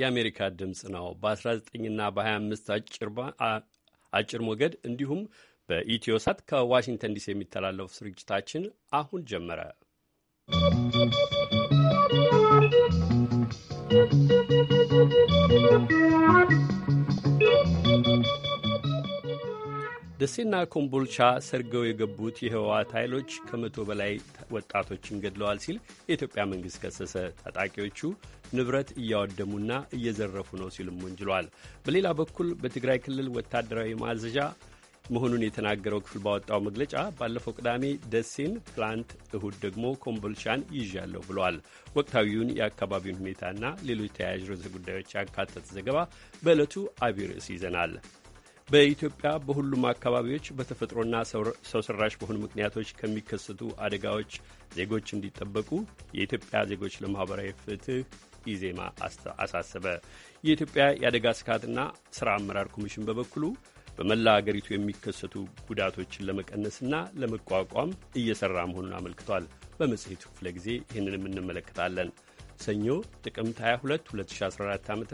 የአሜሪካ ድምፅ ነው። በ19ና በ25 አጭር ሞገድ እንዲሁም በኢትዮ ሳት ከዋሽንግተን ዲሲ የሚተላለፉ ስርጭታችን አሁን ጀመረ። ደሴና ኮምቦልቻ ሰርገው የገቡት የህወሓት ኃይሎች ከመቶ በላይ ወጣቶችን ገድለዋል ሲል የኢትዮጵያ መንግሥት ከሰሰ። ታጣቂዎቹ ንብረት እያወደሙና እየዘረፉ ነው ሲልም ወንጅሏል። በሌላ በኩል በትግራይ ክልል ወታደራዊ ማዘዣ መሆኑን የተናገረው ክፍል ባወጣው መግለጫ ባለፈው ቅዳሜ ደሴን፣ ትላንት እሁድ ደግሞ ኮምቦልቻን ይዣለሁ ብሏል። ወቅታዊውን የአካባቢውን ሁኔታና ሌሎች ተያያዥ ርዕሰ ጉዳዮች ያካተተ ዘገባ በዕለቱ አቢይ ርዕስ ይዘናል። በኢትዮጵያ በሁሉም አካባቢዎች በተፈጥሮና ሰው ሰራሽ በሆኑ ምክንያቶች ከሚከሰቱ አደጋዎች ዜጎች እንዲጠበቁ የኢትዮጵያ ዜጎች ለማኅበራዊ ፍትህ ኢዜማ አሳሰበ። የኢትዮጵያ የአደጋ ስጋትና ሥራ አመራር ኮሚሽን በበኩሉ በመላ አገሪቱ የሚከሰቱ ጉዳቶችን ለመቀነስና ለመቋቋም እየሰራ መሆኑን አመልክቷል። በመጽሔቱ ክፍለ ጊዜ ይህንንም እንመለከታለን። ሰኞ ጥቅምት 22 2014 ዓ ም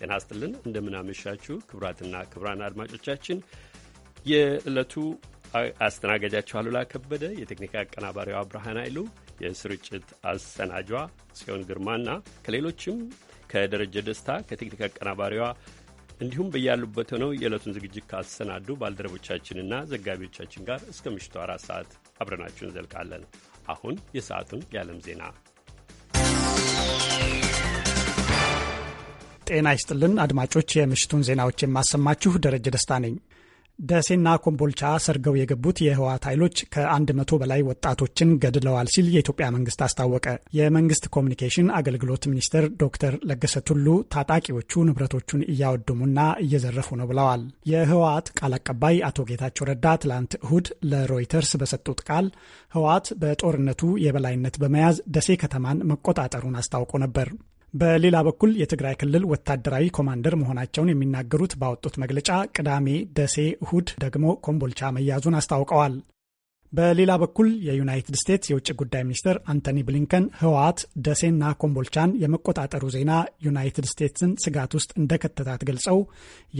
ጤና ይስጥልን እንደምናመሻችሁ ክቡራትና ክቡራን አድማጮቻችን የዕለቱ አስተናጋጃችሁ አሉላ ከበደ፣ የቴክኒክ አቀናባሪዋ ብርሃን አይሉ የስርጭት አሰናጇ ጽዮን ግርማና ከሌሎችም ከደረጀ ደስታ ከቴክኒክ አቀናባሪዋ እንዲሁም በያሉበት ሆነው የዕለቱን ዝግጅት ካሰናዱ ባልደረቦቻችንና ዘጋቢዎቻችን ጋር እስከ ምሽቱ አራት ሰዓት አብረናችሁ እንዘልቃለን። አሁን የሰዓቱን የዓለም ዜና። ጤና ይስጥልን አድማጮች፣ የምሽቱን ዜናዎች የማሰማችሁ ደረጀ ደስታ ነኝ። ደሴና ኮምቦልቻ ሰርገው የገቡት የህወሓት ኃይሎች ከ100 በላይ ወጣቶችን ገድለዋል ሲል የኢትዮጵያ መንግስት አስታወቀ። የመንግስት ኮሚኒኬሽን አገልግሎት ሚኒስትር ዶክተር ለገሰ ቱሉ ታጣቂዎቹ ንብረቶቹን እያወደሙና እየዘረፉ ነው ብለዋል። የህወሓት ቃል አቀባይ አቶ ጌታቸው ረዳ ትላንት እሁድ ለሮይተርስ በሰጡት ቃል ህወሓት በጦርነቱ የበላይነት በመያዝ ደሴ ከተማን መቆጣጠሩን አስታውቆ ነበር። በሌላ በኩል የትግራይ ክልል ወታደራዊ ኮማንደር መሆናቸውን የሚናገሩት ባወጡት መግለጫ ቅዳሜ ደሴ፣ እሁድ ደግሞ ኮምቦልቻ መያዙን አስታውቀዋል። በሌላ በኩል የዩናይትድ ስቴትስ የውጭ ጉዳይ ሚኒስትር አንቶኒ ብሊንከን ህወሓት ደሴና ኮምቦልቻን የመቆጣጠሩ ዜና ዩናይትድ ስቴትስን ስጋት ውስጥ እንደከተታት ገልጸው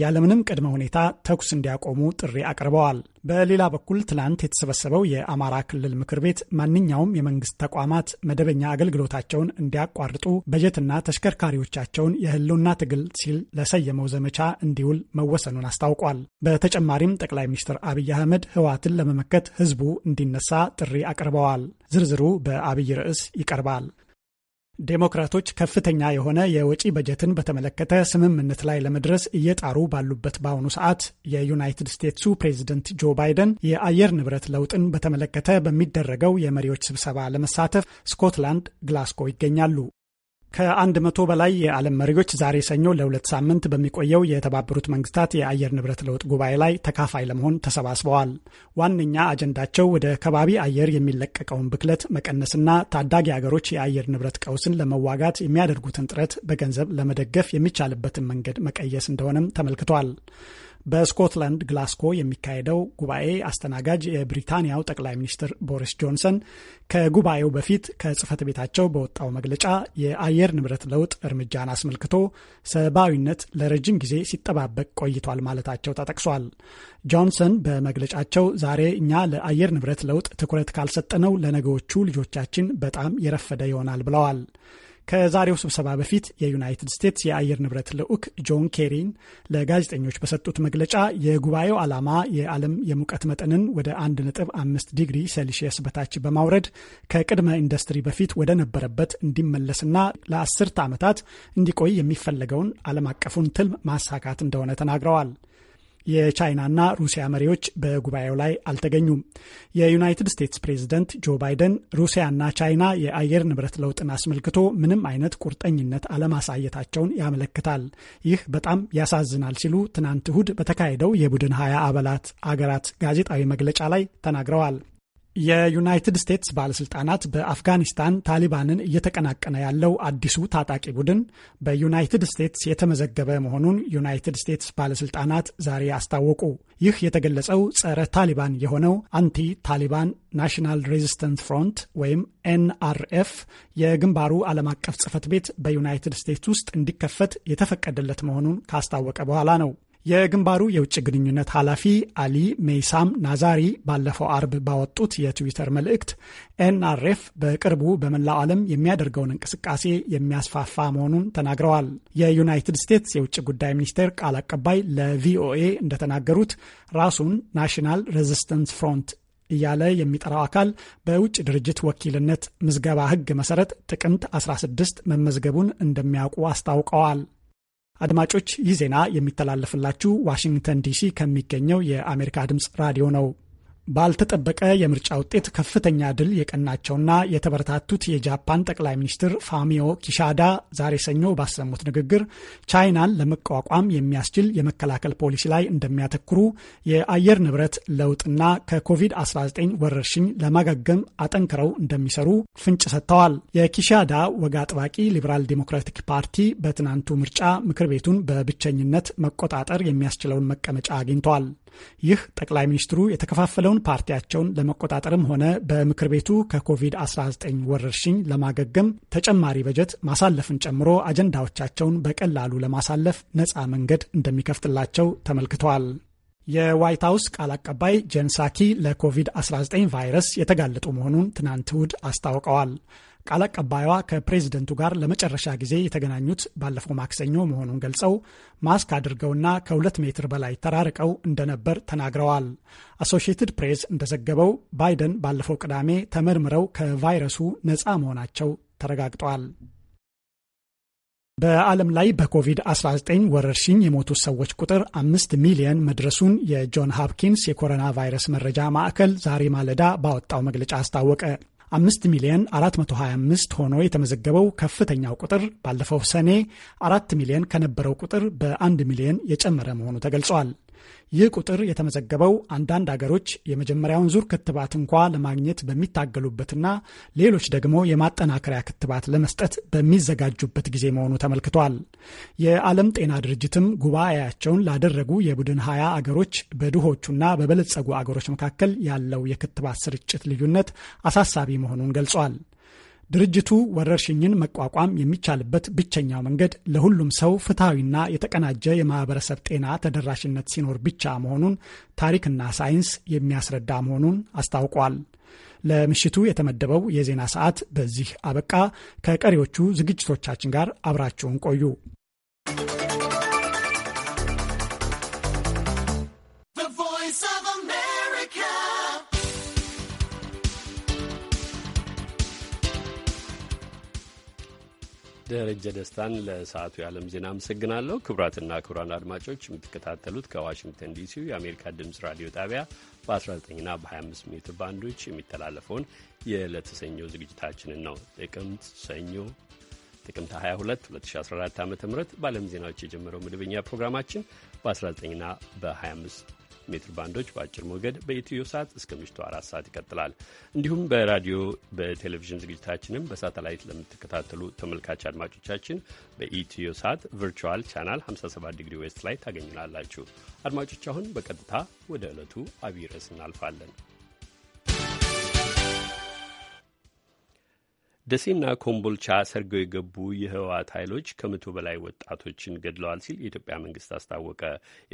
ያለምንም ቅድመ ሁኔታ ተኩስ እንዲያቆሙ ጥሪ አቅርበዋል። በሌላ በኩል ትላንት የተሰበሰበው የአማራ ክልል ምክር ቤት ማንኛውም የመንግስት ተቋማት መደበኛ አገልግሎታቸውን እንዲያቋርጡ በጀትና ተሽከርካሪዎቻቸውን የህልውና ትግል ሲል ለሰየመው ዘመቻ እንዲውል መወሰኑን አስታውቋል። በተጨማሪም ጠቅላይ ሚኒስትር አብይ አህመድ ህወሓትን ለመመከት ህዝቡ እንዲነሳ ጥሪ አቅርበዋል። ዝርዝሩ በአብይ ርዕስ ይቀርባል። ዴሞክራቶች ከፍተኛ የሆነ የወጪ በጀትን በተመለከተ ስምምነት ላይ ለመድረስ እየጣሩ ባሉበት በአሁኑ ሰዓት የዩናይትድ ስቴትሱ ፕሬዚደንት ጆ ባይደን የአየር ንብረት ለውጥን በተመለከተ በሚደረገው የመሪዎች ስብሰባ ለመሳተፍ ስኮትላንድ ግላስኮ ይገኛሉ። ከአንድ መቶ በላይ የዓለም መሪዎች ዛሬ ሰኞ ለሁለት ሳምንት በሚቆየው የተባበሩት መንግስታት የአየር ንብረት ለውጥ ጉባኤ ላይ ተካፋይ ለመሆን ተሰባስበዋል። ዋነኛ አጀንዳቸው ወደ ከባቢ አየር የሚለቀቀውን ብክለት መቀነስና ታዳጊ አገሮች የአየር ንብረት ቀውስን ለመዋጋት የሚያደርጉትን ጥረት በገንዘብ ለመደገፍ የሚቻልበትን መንገድ መቀየስ እንደሆነም ተመልክቷል። በስኮትላንድ ግላስኮ የሚካሄደው ጉባኤ አስተናጋጅ የብሪታንያው ጠቅላይ ሚኒስትር ቦሪስ ጆንሰን ከጉባኤው በፊት ከጽህፈት ቤታቸው በወጣው መግለጫ የአየር ንብረት ለውጥ እርምጃን አስመልክቶ ሰብአዊነት ለረጅም ጊዜ ሲጠባበቅ ቆይቷል ማለታቸው ተጠቅሷል። ጆንሰን በመግለጫቸው ዛሬ እኛ ለአየር ንብረት ለውጥ ትኩረት ካልሰጠነው ለነገዎቹ ልጆቻችን በጣም የረፈደ ይሆናል ብለዋል። ከዛሬው ስብሰባ በፊት የዩናይትድ ስቴትስ የአየር ንብረት ልዑክ ጆን ኬሪን ለጋዜጠኞች በሰጡት መግለጫ የጉባኤው ዓላማ የዓለም የሙቀት መጠንን ወደ 1.5 ዲግሪ ሴልሺየስ በታች በማውረድ ከቅድመ ኢንዱስትሪ በፊት ወደ ነበረበት እንዲመለስና ለአስርተ ዓመታት እንዲቆይ የሚፈለገውን ዓለም አቀፉን ትልም ማሳካት እንደሆነ ተናግረዋል። የቻይናና ሩሲያ መሪዎች በጉባኤው ላይ አልተገኙም። የዩናይትድ ስቴትስ ፕሬዝደንት ጆ ባይደን ሩሲያና ቻይና የአየር ንብረት ለውጥን አስመልክቶ ምንም አይነት ቁርጠኝነት አለማሳየታቸውን ያመለክታል፣ ይህ በጣም ያሳዝናል ሲሉ ትናንት እሁድ በተካሄደው የቡድን ሀያ አባላት አገራት ጋዜጣዊ መግለጫ ላይ ተናግረዋል። የዩናይትድ ስቴትስ ባለስልጣናት በአፍጋኒስታን ታሊባንን እየተቀናቀነ ያለው አዲሱ ታጣቂ ቡድን በዩናይትድ ስቴትስ የተመዘገበ መሆኑን ዩናይትድ ስቴትስ ባለስልጣናት ዛሬ አስታወቁ። ይህ የተገለጸው ጸረ ታሊባን የሆነው አንቲ ታሊባን ናሽናል ሬዚስተንስ ፍሮንት ወይም ኤንአርኤፍ የግንባሩ ዓለም አቀፍ ጽህፈት ቤት በዩናይትድ ስቴትስ ውስጥ እንዲከፈት የተፈቀደለት መሆኑን ካስታወቀ በኋላ ነው። የግንባሩ የውጭ ግንኙነት ኃላፊ አሊ ሜይሳም ናዛሪ ባለፈው አርብ ባወጡት የትዊተር መልእክት ኤንአርኤፍ በቅርቡ በመላው ዓለም የሚያደርገውን እንቅስቃሴ የሚያስፋፋ መሆኑን ተናግረዋል። የዩናይትድ ስቴትስ የውጭ ጉዳይ ሚኒስቴር ቃል አቀባይ ለቪኦኤ እንደተናገሩት ራሱን ናሽናል ሬዚስተንስ ፍሮንት እያለ የሚጠራው አካል በውጭ ድርጅት ወኪልነት ምዝገባ ሕግ መሰረት ጥቅምት 16 መመዝገቡን እንደሚያውቁ አስታውቀዋል። አድማጮች ይህ ዜና የሚተላለፍላችሁ ዋሽንግተን ዲሲ ከሚገኘው የአሜሪካ ድምፅ ራዲዮ ነው። ባልተጠበቀ የምርጫ ውጤት ከፍተኛ ድል የቀናቸውና የተበረታቱት የጃፓን ጠቅላይ ሚኒስትር ፋሚዮ ኪሻዳ ዛሬ ሰኞ ባሰሙት ንግግር ቻይናን ለመቋቋም የሚያስችል የመከላከል ፖሊሲ ላይ እንደሚያተኩሩ፣ የአየር ንብረት ለውጥና ከኮቪድ-19 ወረርሽኝ ለማገገም አጠንክረው እንደሚሰሩ ፍንጭ ሰጥተዋል። የኪሻዳ ወግ አጥባቂ ሊበራል ዴሞክራቲክ ፓርቲ በትናንቱ ምርጫ ምክር ቤቱን በብቸኝነት መቆጣጠር የሚያስችለውን መቀመጫ አግኝተዋል። ይህ ጠቅላይ ሚኒስትሩ የተከፋፈለውን ፓርቲያቸውን ለመቆጣጠርም ሆነ በምክር ቤቱ ከኮቪድ-19 ወረርሽኝ ለማገገም ተጨማሪ በጀት ማሳለፍን ጨምሮ አጀንዳዎቻቸውን በቀላሉ ለማሳለፍ ነፃ መንገድ እንደሚከፍትላቸው ተመልክተዋል። የዋይት ሀውስ ቃል አቀባይ ጄን ሳኪ ለኮቪድ-19 ቫይረስ የተጋለጡ መሆኑን ትናንት እሁድ አስታውቀዋል። ቃል አቀባይዋ ከፕሬዝደንቱ ጋር ለመጨረሻ ጊዜ የተገናኙት ባለፈው ማክሰኞ መሆኑን ገልጸው ማስክ አድርገውና ከሁለት ሜትር በላይ ተራርቀው እንደነበር ተናግረዋል። አሶሽየትድ ፕሬስ እንደዘገበው ባይደን ባለፈው ቅዳሜ ተመርምረው ከቫይረሱ ነፃ መሆናቸው ተረጋግጧል። በዓለም ላይ በኮቪድ-19 ወረርሽኝ የሞቱ ሰዎች ቁጥር አምስት ሚሊየን መድረሱን የጆን ሃፕኪንስ የኮሮና ቫይረስ መረጃ ማዕከል ዛሬ ማለዳ ባወጣው መግለጫ አስታወቀ። 5 ሚሊዮን 425 ሆኖ የተመዘገበው ከፍተኛው ቁጥር ባለፈው ሰኔ አራት ሚሊዮን ከነበረው ቁጥር በአንድ ሚሊዮን የጨመረ መሆኑ ተገልጿል። ይህ ቁጥር የተመዘገበው አንዳንድ አገሮች የመጀመሪያውን ዙር ክትባት እንኳ ለማግኘት በሚታገሉበትና ሌሎች ደግሞ የማጠናከሪያ ክትባት ለመስጠት በሚዘጋጁበት ጊዜ መሆኑ ተመልክቷል። የዓለም ጤና ድርጅትም ጉባኤያቸውን ላደረጉ የቡድን ሀያ አገሮች በድሆቹና በበለጸጉ አገሮች መካከል ያለው የክትባት ስርጭት ልዩነት አሳሳቢ መሆኑን ገልጿል። ድርጅቱ ወረርሽኝን መቋቋም የሚቻልበት ብቸኛው መንገድ ለሁሉም ሰው ፍትሐዊና የተቀናጀ የማህበረሰብ ጤና ተደራሽነት ሲኖር ብቻ መሆኑን ታሪክና ሳይንስ የሚያስረዳ መሆኑን አስታውቋል። ለምሽቱ የተመደበው የዜና ሰዓት በዚህ አበቃ። ከቀሪዎቹ ዝግጅቶቻችን ጋር አብራችሁን ቆዩ። ደረጀ ደስታን ለሰዓቱ የዓለም ዜና አመሰግናለሁ። ክቡራትና ክቡራን አድማጮች የምትከታተሉት ከዋሽንግተን ዲሲ የአሜሪካ ድምፅ ራዲዮ ጣቢያ በ19ና በ25 ሜትር ባንዶች የሚተላለፈውን የዕለተ ሰኞ ዝግጅታችንን ነው። ጥቅምት ሰኞ ጥቅምት 22 2014 ዓ ም በዓለም ዜናዎች የጀመረው መደበኛ ፕሮግራማችን በ19ና በ25 ሜትር ባንዶች በአጭር ሞገድ በኢትዮ ሰዓት እስከ ምሽቱ አራት ሰዓት ይቀጥላል። እንዲሁም በራዲዮ በቴሌቪዥን ዝግጅታችንም በሳተላይት ለምትከታተሉ ተመልካች አድማጮቻችን በኢትዮ ሰዓት ቨርቹዋል ቻናል 57 ዲግሪ ዌስት ላይ ታገኙናላችሁ። አድማጮች አሁን በቀጥታ ወደ ዕለቱ አብይ ርዕስ እናልፋለን። ደሴና ኮምቦልቻ ሰርገው የገቡ የህወሓት ኃይሎች ከመቶ በላይ ወጣቶችን ገድለዋል ሲል የኢትዮጵያ መንግስት አስታወቀ።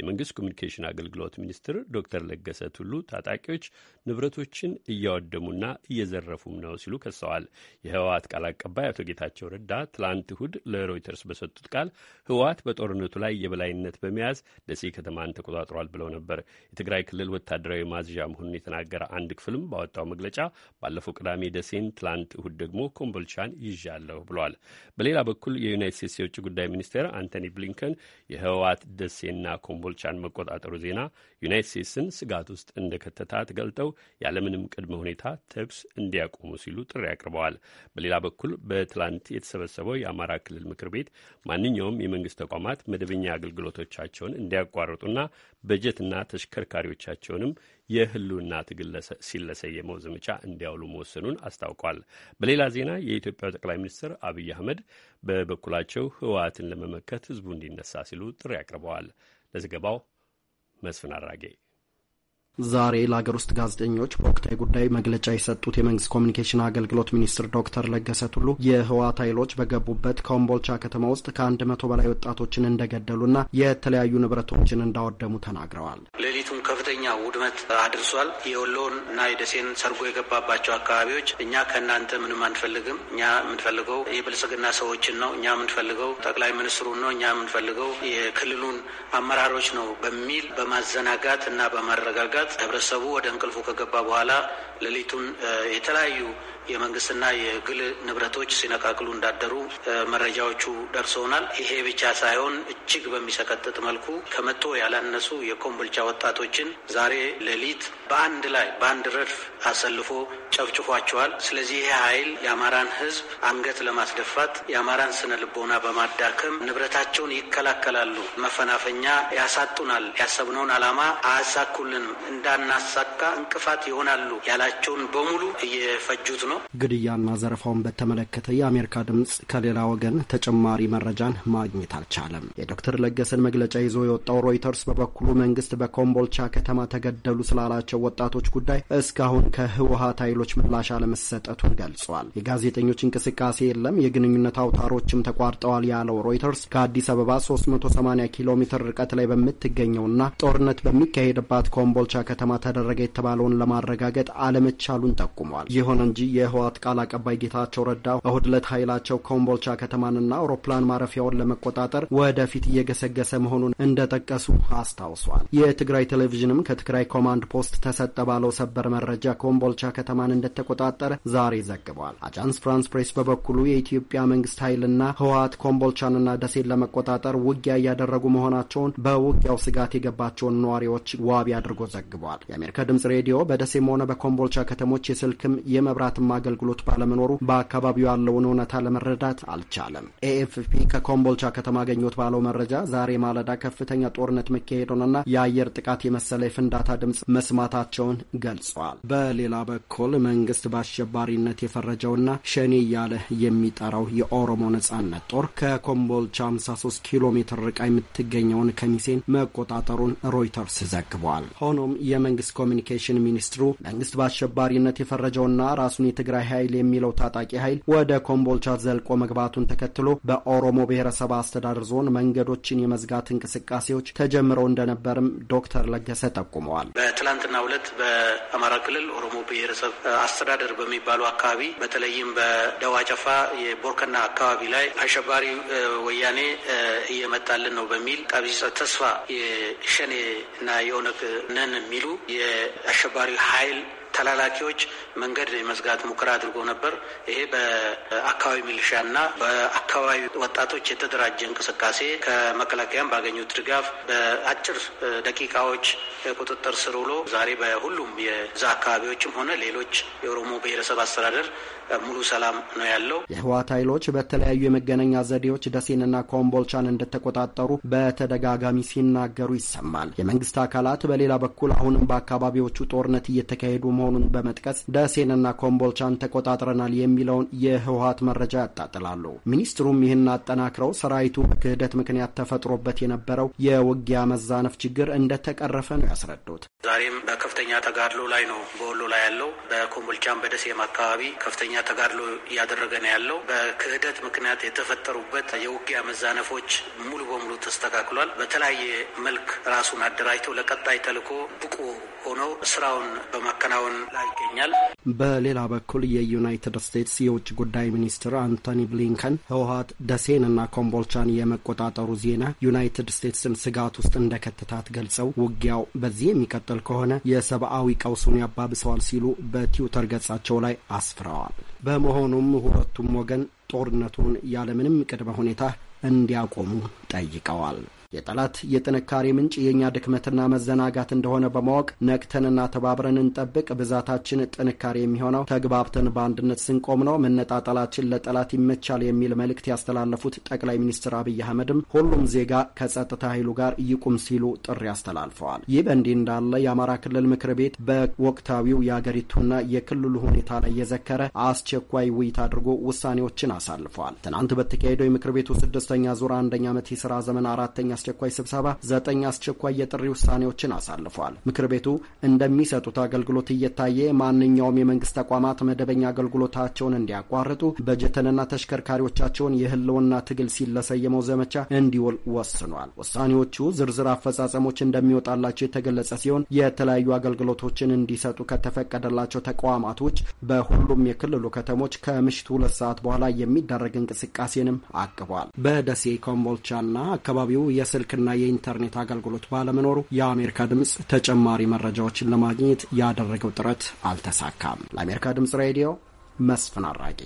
የመንግስት ኮሚኒኬሽን አገልግሎት ሚኒስትር ዶክተር ለገሰ ቱሉ ታጣቂዎች ንብረቶችን እያወደሙና እየዘረፉም ነው ሲሉ ከሰዋል። የህወሓት ቃል አቀባይ አቶ ጌታቸው ረዳ ትላንት እሁድ ለሮይተርስ በሰጡት ቃል ህወሓት በጦርነቱ ላይ የበላይነት በመያዝ ደሴ ከተማን ተቆጣጥሯል ብለው ነበር። የትግራይ ክልል ወታደራዊ ማዝዣ መሆኑን የተናገረ አንድ ክፍልም ባወጣው መግለጫ ባለፈው ቅዳሜ ደሴን፣ ትላንት እሁድ ደግሞ ኮምቦልቻን ይዣለሁ ብሏል። በሌላ በኩል የዩናይት ስቴትስ የውጭ ጉዳይ ሚኒስቴር አንቶኒ ብሊንከን የህወሓት ደሴና ኮምቦልቻን መቆጣጠሩ ዜና ዩናይት ስቴትስን ስጋት ውስጥ እንደከተታት ገልጠው ያለምንም ቅድመ ሁኔታ ተኩስ እንዲያቆሙ ሲሉ ጥሪ አቅርበዋል። በሌላ በኩል በትላንት የተሰበሰበው የአማራ ክልል ምክር ቤት ማንኛውም የመንግስት ተቋማት መደበኛ አገልግሎቶቻቸውን እንዲያቋርጡና በጀትና ተሽከርካሪዎቻቸውንም የህልውና ትግል ሲል ዘመቻ እንዲያውሉ መወሰኑን አስታውቋል። በሌላ ዜና የኢትዮጵያው ጠቅላይ ሚኒስትር አብይ አህመድ በበኩላቸው ህወሓትን ለመመከት ህዝቡ እንዲነሳ ሲሉ ጥሪ አቅርበዋል። ለዘገባው መስፍን አራጌ ዛሬ ለሀገር ውስጥ ጋዜጠኞች በወቅታዊ ጉዳይ መግለጫ የሰጡት የመንግስት ኮሚኒኬሽን አገልግሎት ሚኒስትር ዶክተር ለገሰ ቱሉ የህወሓት ኃይሎች በገቡበት ኮምቦልቻ ከተማ ውስጥ ከአንድ መቶ በላይ ወጣቶችን እንደገደሉና የተለያዩ ንብረቶችን እንዳወደሙ ተናግረዋል። ሌሊቱም ከፍተኛ ውድመት አድርሷል። የወሎን እና የደሴን ሰርጎ የገባባቸው አካባቢዎች እኛ ከእናንተ ምንም አንፈልግም፣ እኛ የምንፈልገው የብልጽግና ሰዎችን ነው፣ እኛ የምንፈልገው ጠቅላይ ሚኒስትሩን ነው፣ እኛ የምንፈልገው የክልሉን አመራሮች ነው በሚል በማዘናጋት እና በማረጋጋት ህብረተሰቡ ወደ እንቅልፉ ከገባ በኋላ ሌሊቱን የተለያዩ የመንግስትና የግል ንብረቶች ሲነቃቅሉ እንዳደሩ መረጃዎቹ ደርሰውናል። ይሄ ብቻ ሳይሆን እጅግ በሚሰቀጥጥ መልኩ ከመቶ ያላነሱ የኮምቦልቻ ወጣቶችን ዛሬ ሌሊት በአንድ ላይ በአንድ ረድፍ አሰልፎ ጨፍጭፏቸዋል። ስለዚህ ይሄ ኃይል የአማራን ህዝብ አንገት ለማስደፋት የአማራን ስነ ልቦና በማዳከም ንብረታቸውን ይከላከላሉ፣ መፈናፈኛ ያሳጡናል፣ ያሰብነውን አላማ አያሳኩልንም፣ እንዳናሳካ እንቅፋት ይሆናሉ ያላቸውን በሙሉ እየፈጁት ነው። ነው። ግድያና ዘረፋውን በተመለከተ የአሜሪካ ድምፅ ከሌላ ወገን ተጨማሪ መረጃን ማግኘት አልቻለም። የዶክተር ለገሰን መግለጫ ይዞ የወጣው ሮይተርስ በበኩሉ መንግስት በኮምቦልቻ ከተማ ተገደሉ ስላላቸው ወጣቶች ጉዳይ እስካሁን ከህወሀት ኃይሎች ምላሽ አለመሰጠቱን ገልጿል። የጋዜጠኞች እንቅስቃሴ የለም፣ የግንኙነት አውታሮችም ተቋርጠዋል ያለው ሮይተርስ ከአዲስ አበባ 380 ኪሎ ሜትር ርቀት ላይ በምትገኘውና ጦርነት በሚካሄድባት ኮምቦልቻ ከተማ ተደረገ የተባለውን ለማረጋገጥ አለመቻሉን ጠቁሟል። ይሁን እንጂ የህወሓት ቃል አቀባይ ጌታቸው ረዳ እሁድ ዕለት ኃይላቸው ኮምቦልቻ ከተማንና አውሮፕላን ማረፊያውን ለመቆጣጠር ወደፊት እየገሰገሰ መሆኑን እንደጠቀሱ አስታውሷል። የትግራይ ቴሌቪዥንም ከትግራይ ኮማንድ ፖስት ተሰጠ ባለው ሰበር መረጃ ኮምቦልቻ ከተማን እንደተቆጣጠረ ዛሬ ዘግቧል። አጃንስ ፍራንስ ፕሬስ በበኩሉ የኢትዮጵያ መንግስት ኃይልና ህወሓት ኮምቦልቻንና ደሴን ለመቆጣጠር ውጊያ እያደረጉ መሆናቸውን በውጊያው ስጋት የገባቸውን ነዋሪዎች ዋቢ አድርጎ ዘግቧል። የአሜሪካ ድምጽ ሬዲዮ በደሴም ሆነ በኮምቦልቻ ከተሞች የስልክም የመብራትም አገልግሎት ባለመኖሩ በአካባቢው ያለውን እውነታ ለመረዳት አልቻለም። ኤኤፍፒ ከኮምቦልቻ ከተማ አገኘት ባለው መረጃ ዛሬ ማለዳ ከፍተኛ ጦርነት መካሄዱንና የአየር ጥቃት የመሰለ የፍንዳታ ድምፅ መስማታቸውን ገልጿል። በሌላ በኩል መንግስት በአሸባሪነት የፈረጀውና ሸኔ እያለ የሚጠራው የኦሮሞ ነጻነት ጦር ከኮምቦልቻ 53 ኪሎ ሜትር ርቃ የምትገኘውን ከሚሴን መቆጣጠሩን ሮይተርስ ዘግቧል። ሆኖም የመንግስት ኮሚኒኬሽን ሚኒስትሩ መንግስት በአሸባሪነት የፈረጀውና ራሱን ትግራይ ኃይል የሚለው ታጣቂ ኃይል ወደ ኮምቦልቻ ዘልቆ መግባቱን ተከትሎ በኦሮሞ ብሔረሰብ አስተዳደር ዞን መንገዶችን የመዝጋት እንቅስቃሴዎች ተጀምረው እንደነበርም ዶክተር ለገሰ ጠቁመዋል። በትላንትና ሁለት በአማራ ክልል ኦሮሞ ብሔረሰብ አስተዳደር በሚባሉ አካባቢ በተለይም በደዋ ጨፋ የቦርከና አካባቢ ላይ አሸባሪ ወያኔ እየመጣልን ነው በሚል ቀቢጸ ተስፋ የሸኔ እና የኦነግ ነን የሚሉ የአሸባሪ ኃይል ተላላኪዎች መንገድ የመዝጋት ሙከራ አድርጎ ነበር። ይሄ በአካባቢ ሚሊሻና በአካባቢ ወጣቶች የተደራጀ እንቅስቃሴ ከመከላከያም ባገኙት ድጋፍ በአጭር ደቂቃዎች ቁጥጥር ስር ውሎ ዛሬ በሁሉም የዛ አካባቢዎችም ሆነ ሌሎች የኦሮሞ ብሔረሰብ አስተዳደር ሙሉ ሰላም ነው ያለው። የህወሓት ኃይሎች በተለያዩ የመገናኛ ዘዴዎች ደሴንና ኮምቦልቻን እንደተቆጣጠሩ በተደጋጋሚ ሲናገሩ ይሰማል። የመንግስት አካላት በሌላ በኩል አሁንም በአካባቢዎቹ ጦርነት እየተካሄዱ መሆኑን በመጥቀስ ደሴንና ኮምቦልቻን ተቆጣጥረናል የሚለውን የህወሀት መረጃ ያጣጥላሉ። ሚኒስትሩም ይህን አጠናክረው ሰራዊቱ በክህደት ምክንያት ተፈጥሮበት የነበረው የውጊያ መዛነፍ ችግር እንደተቀረፈ ነው ያስረዱት። ዛሬም በከፍተኛ ተጋድሎ ላይ ነው በወሎ ላይ ያለው። በኮምቦልቻን በደሴም አካባቢ ከፍተኛ ተጋድሎ እያደረገ ነው ያለው። በክህደት ምክንያት የተፈጠሩበት የውጊያ መዛነፎች ሙሉ በሙሉ ተስተካክሏል። በተለያየ መልክ ራሱን አደራጅተው ለቀጣይ ተልኮ ብቁ ሆነው ስራውን በማከናወን ላይ ይገኛል። በሌላ በኩል የዩናይትድ ስቴትስ የውጭ ጉዳይ ሚኒስትር አንቶኒ ብሊንከን ህወሀት ደሴንና ኮምቦልቻን የመቆጣጠሩ ዜና ዩናይትድ ስቴትስን ስጋት ውስጥ እንደከተታት ገልጸው ውጊያው በዚህ የሚቀጥል ከሆነ የሰብአዊ ቀውሱን ያባብሰዋል ሲሉ በትዊተር ገጻቸው ላይ አስፍረዋል። በመሆኑም ሁለቱም ወገን ጦርነቱን ያለምንም ቅድመ ሁኔታ እንዲያቆሙ ጠይቀዋል። የጠላት የጥንካሬ ምንጭ የእኛ ድክመትና መዘናጋት እንደሆነ በማወቅ ነቅተንና ተባብረን እንጠብቅ። ብዛታችን ጥንካሬ የሚሆነው ተግባብተን በአንድነት ስንቆም ነው። መነጣጠላችን ለጠላት ይመቻል የሚል መልእክት ያስተላለፉት ጠቅላይ ሚኒስትር አብይ አህመድም ሁሉም ዜጋ ከጸጥታ ኃይሉ ጋር ይቁም ሲሉ ጥሪ አስተላልፈዋል። ይህ በእንዲህ እንዳለ የአማራ ክልል ምክር ቤት በወቅታዊው የአገሪቱና የክልሉ ሁኔታ ላይ የዘከረ አስቸኳይ ውይይት አድርጎ ውሳኔዎችን አሳልፈዋል። ትናንት በተካሄደው የምክር ቤቱ ስድስተኛ ዙር አንደኛ ዓመት የስራ ዘመን አራተኛ አስቸኳይ ስብሰባ ዘጠኝ አስቸኳይ የጥሪ ውሳኔዎችን አሳልፏል። ምክር ቤቱ እንደሚሰጡት አገልግሎት እየታየ ማንኛውም የመንግስት ተቋማት መደበኛ አገልግሎታቸውን እንዲያቋርጡ፣ በጀትንና ተሽከርካሪዎቻቸውን የህልውና ትግል ሲለሰየመው ዘመቻ እንዲውል ወስኗል። ውሳኔዎቹ ዝርዝር አፈጻጸሞች እንደሚወጣላቸው የተገለጸ ሲሆን የተለያዩ አገልግሎቶችን እንዲሰጡ ከተፈቀደላቸው ተቋማት ውጭ በሁሉም የክልሉ ከተሞች ከምሽቱ ሁለት ሰዓት በኋላ የሚደረግ እንቅስቃሴንም አቅቧል። በደሴ ኮምቦልቻና አካባቢው የ የስልክና የኢንተርኔት አገልግሎት ባለመኖሩ የአሜሪካ ድምፅ ተጨማሪ መረጃዎችን ለማግኘት ያደረገው ጥረት አልተሳካም። ለአሜሪካ ድምፅ ሬዲዮ መስፍን አራጌ።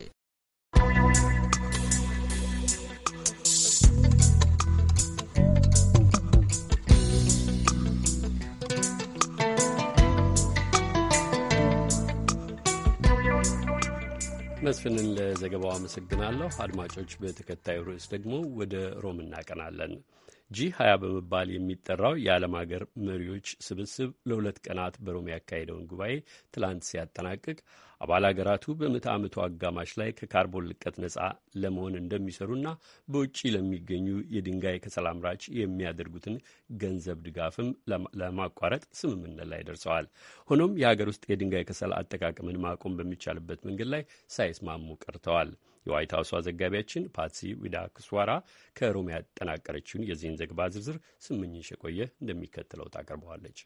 መስፍንን ለዘገባው አመሰግናለሁ። አድማጮች፣ በተከታዩ ርዕስ ደግሞ ወደ ሮም እናቀናለን። ጂ 20 በመባል የሚጠራው የዓለም ሀገር መሪዎች ስብስብ ለሁለት ቀናት በሮም ያካሄደውን ጉባኤ ትላንት ሲያጠናቅቅ አባል ሀገራቱ በምዕተ ዓመቱ አጋማሽ ላይ ከካርቦን ልቀት ነጻ ለመሆን እንደሚሰሩና በውጭ ለሚገኙ የድንጋይ ከሰል አምራች የሚያደርጉትን ገንዘብ ድጋፍም ለማቋረጥ ስምምነት ላይ ደርሰዋል። ሆኖም የሀገር ውስጥ የድንጋይ ከሰል አጠቃቀምን ማቆም በሚቻልበት መንገድ ላይ ሳይስማሙ ቀርተዋል። የዋይት ሀውሷ ዘጋቢያችን ፓትሲ ዊዳክስዋራ ከሮም ያጠናቀረችውን የዚህን ዘገባ ዝርዝር ስምኝሽ የቆየ እንደሚከተለው ታቀርበዋለች።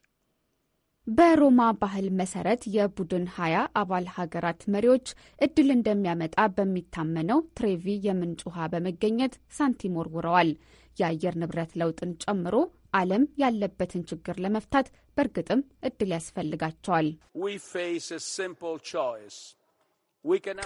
በሮማ ባህል መሰረት የቡድን ሀያ አባል ሀገራት መሪዎች እድል እንደሚያመጣ በሚታመነው ትሬቪ የምንጭ ውሃ በመገኘት ሳንቲም ወርውረዋል። የአየር ንብረት ለውጥን ጨምሮ ዓለም ያለበትን ችግር ለመፍታት በእርግጥም እድል ያስፈልጋቸዋል።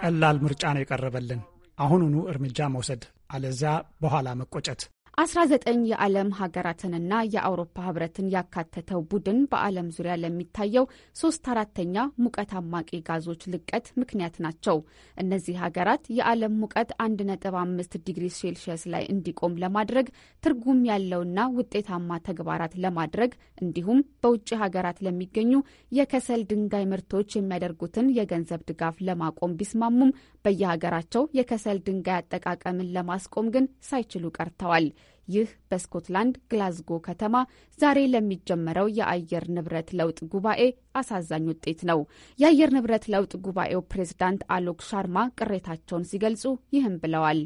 ቀላል ምርጫ ነው የቀረበልን፣ አሁኑኑ እርምጃ መውሰድ፣ አለዚያ በኋላ መቆጨት። 19 የዓለም ሀገራትንና የአውሮፓ ህብረትን ያካተተው ቡድን በዓለም ዙሪያ ለሚታየው ሶስት አራተኛ ሙቀት አማቂ ጋዞች ልቀት ምክንያት ናቸው። እነዚህ ሀገራት የዓለም ሙቀት 1.5 ዲግሪ ሴልሺየስ ላይ እንዲቆም ለማድረግ ትርጉም ያለውና ውጤታማ ተግባራት ለማድረግ እንዲሁም በውጭ ሀገራት ለሚገኙ የከሰል ድንጋይ ምርቶች የሚያደርጉትን የገንዘብ ድጋፍ ለማቆም ቢስማሙም በየሀገራቸው የከሰል ድንጋይ አጠቃቀምን ለማስቆም ግን ሳይችሉ ቀርተዋል። ይህ በስኮትላንድ ግላዝጎ ከተማ ዛሬ ለሚጀመረው የአየር ንብረት ለውጥ ጉባኤ አሳዛኝ ውጤት ነው። የአየር ንብረት ለውጥ ጉባኤው ፕሬዝዳንት አሎክ ሻርማ ቅሬታቸውን ሲገልጹ ይህም ብለዋል።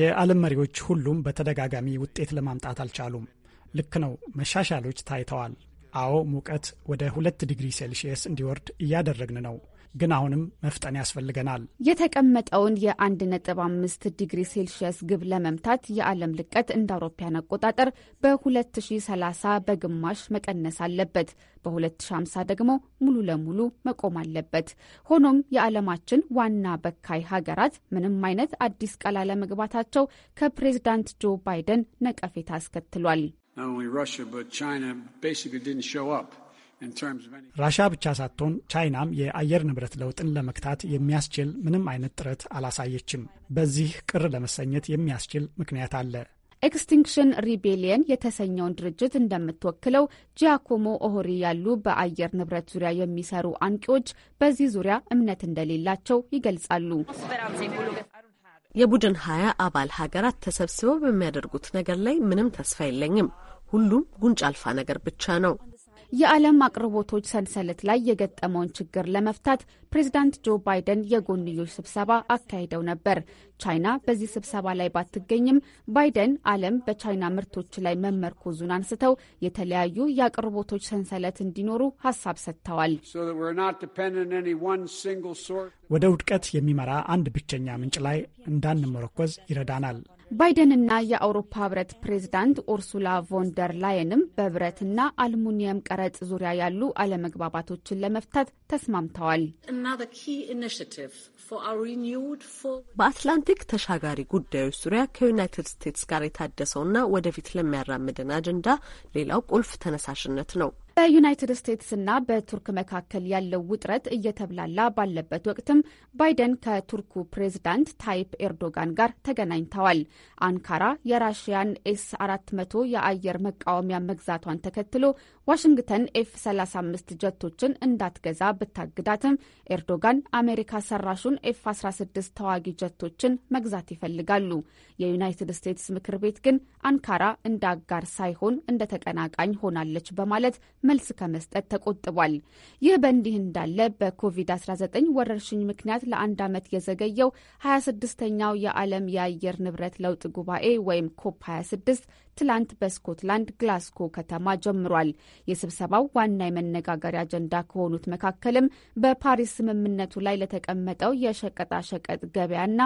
የዓለም መሪዎች ሁሉም በተደጋጋሚ ውጤት ለማምጣት አልቻሉም። ልክ ነው፣ መሻሻሎች ታይተዋል። አዎ ሙቀት ወደ ሁለት ዲግሪ ሴልሺየስ እንዲወርድ እያደረግን ነው። ግን አሁንም መፍጠን ያስፈልገናል። የተቀመጠውን የ1.5 ዲግሪ ሴልሺየስ ግብ ለመምታት የዓለም ልቀት እንደ አውሮፓያን አቆጣጠር በ2030 በግማሽ መቀነስ አለበት። በ2050 ደግሞ ሙሉ ለሙሉ መቆም አለበት። ሆኖም የዓለማችን ዋና በካይ ሀገራት ምንም አይነት አዲስ ቃል አለመግባታቸው ከፕሬዝዳንት ጆ ባይደን ነቀፌታ አስከትሏል። ራሻ ብቻ ሳትሆን ቻይናም የአየር ንብረት ለውጥን ለመግታት የሚያስችል ምንም አይነት ጥረት አላሳየችም። በዚህ ቅር ለመሰኘት የሚያስችል ምክንያት አለ። ኤክስቲንክሽን ሪቤሊየን የተሰኘውን ድርጅት እንደምትወክለው ጂያኮሞ ኦሆሪ ያሉ በአየር ንብረት ዙሪያ የሚሰሩ አንቂዎች በዚህ ዙሪያ እምነት እንደሌላቸው ይገልጻሉ። የቡድን ሀያ አባል ሀገራት ተሰብስበው በሚያደርጉት ነገር ላይ ምንም ተስፋ የለኝም። ሁሉም ጉንጭ አልፋ ነገር ብቻ ነው። የዓለም አቅርቦቶች ሰንሰለት ላይ የገጠመውን ችግር ለመፍታት ፕሬዚዳንት ጆ ባይደን የጎንዮሽ ስብሰባ አካሂደው ነበር። ቻይና በዚህ ስብሰባ ላይ ባትገኝም ባይደን ዓለም በቻይና ምርቶች ላይ መመርኮዙን አንስተው የተለያዩ የአቅርቦቶች ሰንሰለት እንዲኖሩ ሀሳብ ሰጥተዋል። ወደ ውድቀት የሚመራ አንድ ብቸኛ ምንጭ ላይ እንዳንመረኮዝ ይረዳናል። ባይደንና የአውሮፓ ህብረት ፕሬዝዳንት ኡርሱላ ቮንደር ላየንም በብረትና አልሙኒየም ቀረጥ ዙሪያ ያሉ አለመግባባቶችን ለመፍታት ተስማምተዋል። በአትላንቲክ ተሻጋሪ ጉዳዮች ዙሪያ ከዩናይትድ ስቴትስ ጋር የታደሰውና ወደፊት ለሚያራምደን አጀንዳ ሌላው ቁልፍ ተነሳሽነት ነው። በዩናይትድ ስቴትስና በቱርክ መካከል ያለው ውጥረት እየተብላላ ባለበት ወቅትም ባይደን ከቱርኩ ፕሬዝዳንት ታይፕ ኤርዶጋን ጋር ተገናኝተዋል። አንካራ የራሽያን ኤስ 400 የአየር መቃወሚያ መግዛቷን ተከትሎ ዋሽንግተን ኤፍ 35 ጀቶችን እንዳትገዛ ብታግዳትም ኤርዶጋን አሜሪካ ሰራሹን ኤፍ 16 ተዋጊ ጀቶችን መግዛት ይፈልጋሉ። የዩናይትድ ስቴትስ ምክር ቤት ግን አንካራ እንደ አጋር ሳይሆን እንደ ተቀናቃኝ ሆናለች በማለት መልስ ከመስጠት ተቆጥቧል። ይህ በእንዲህ እንዳለ በኮቪድ-19 ወረርሽኝ ምክንያት ለአንድ ዓመት የዘገየው 26ኛው የዓለም የአየር ንብረት ለውጥ ጉባኤ ወይም ኮፕ 26 ትላንት በስኮትላንድ ግላስጎ ከተማ ጀምሯል። የስብሰባው ዋና የመነጋገሪያ አጀንዳ ከሆኑት መካከልም በፓሪስ ስምምነቱ ላይ ለተቀመጠው የሸቀጣሸቀጥ ገበያና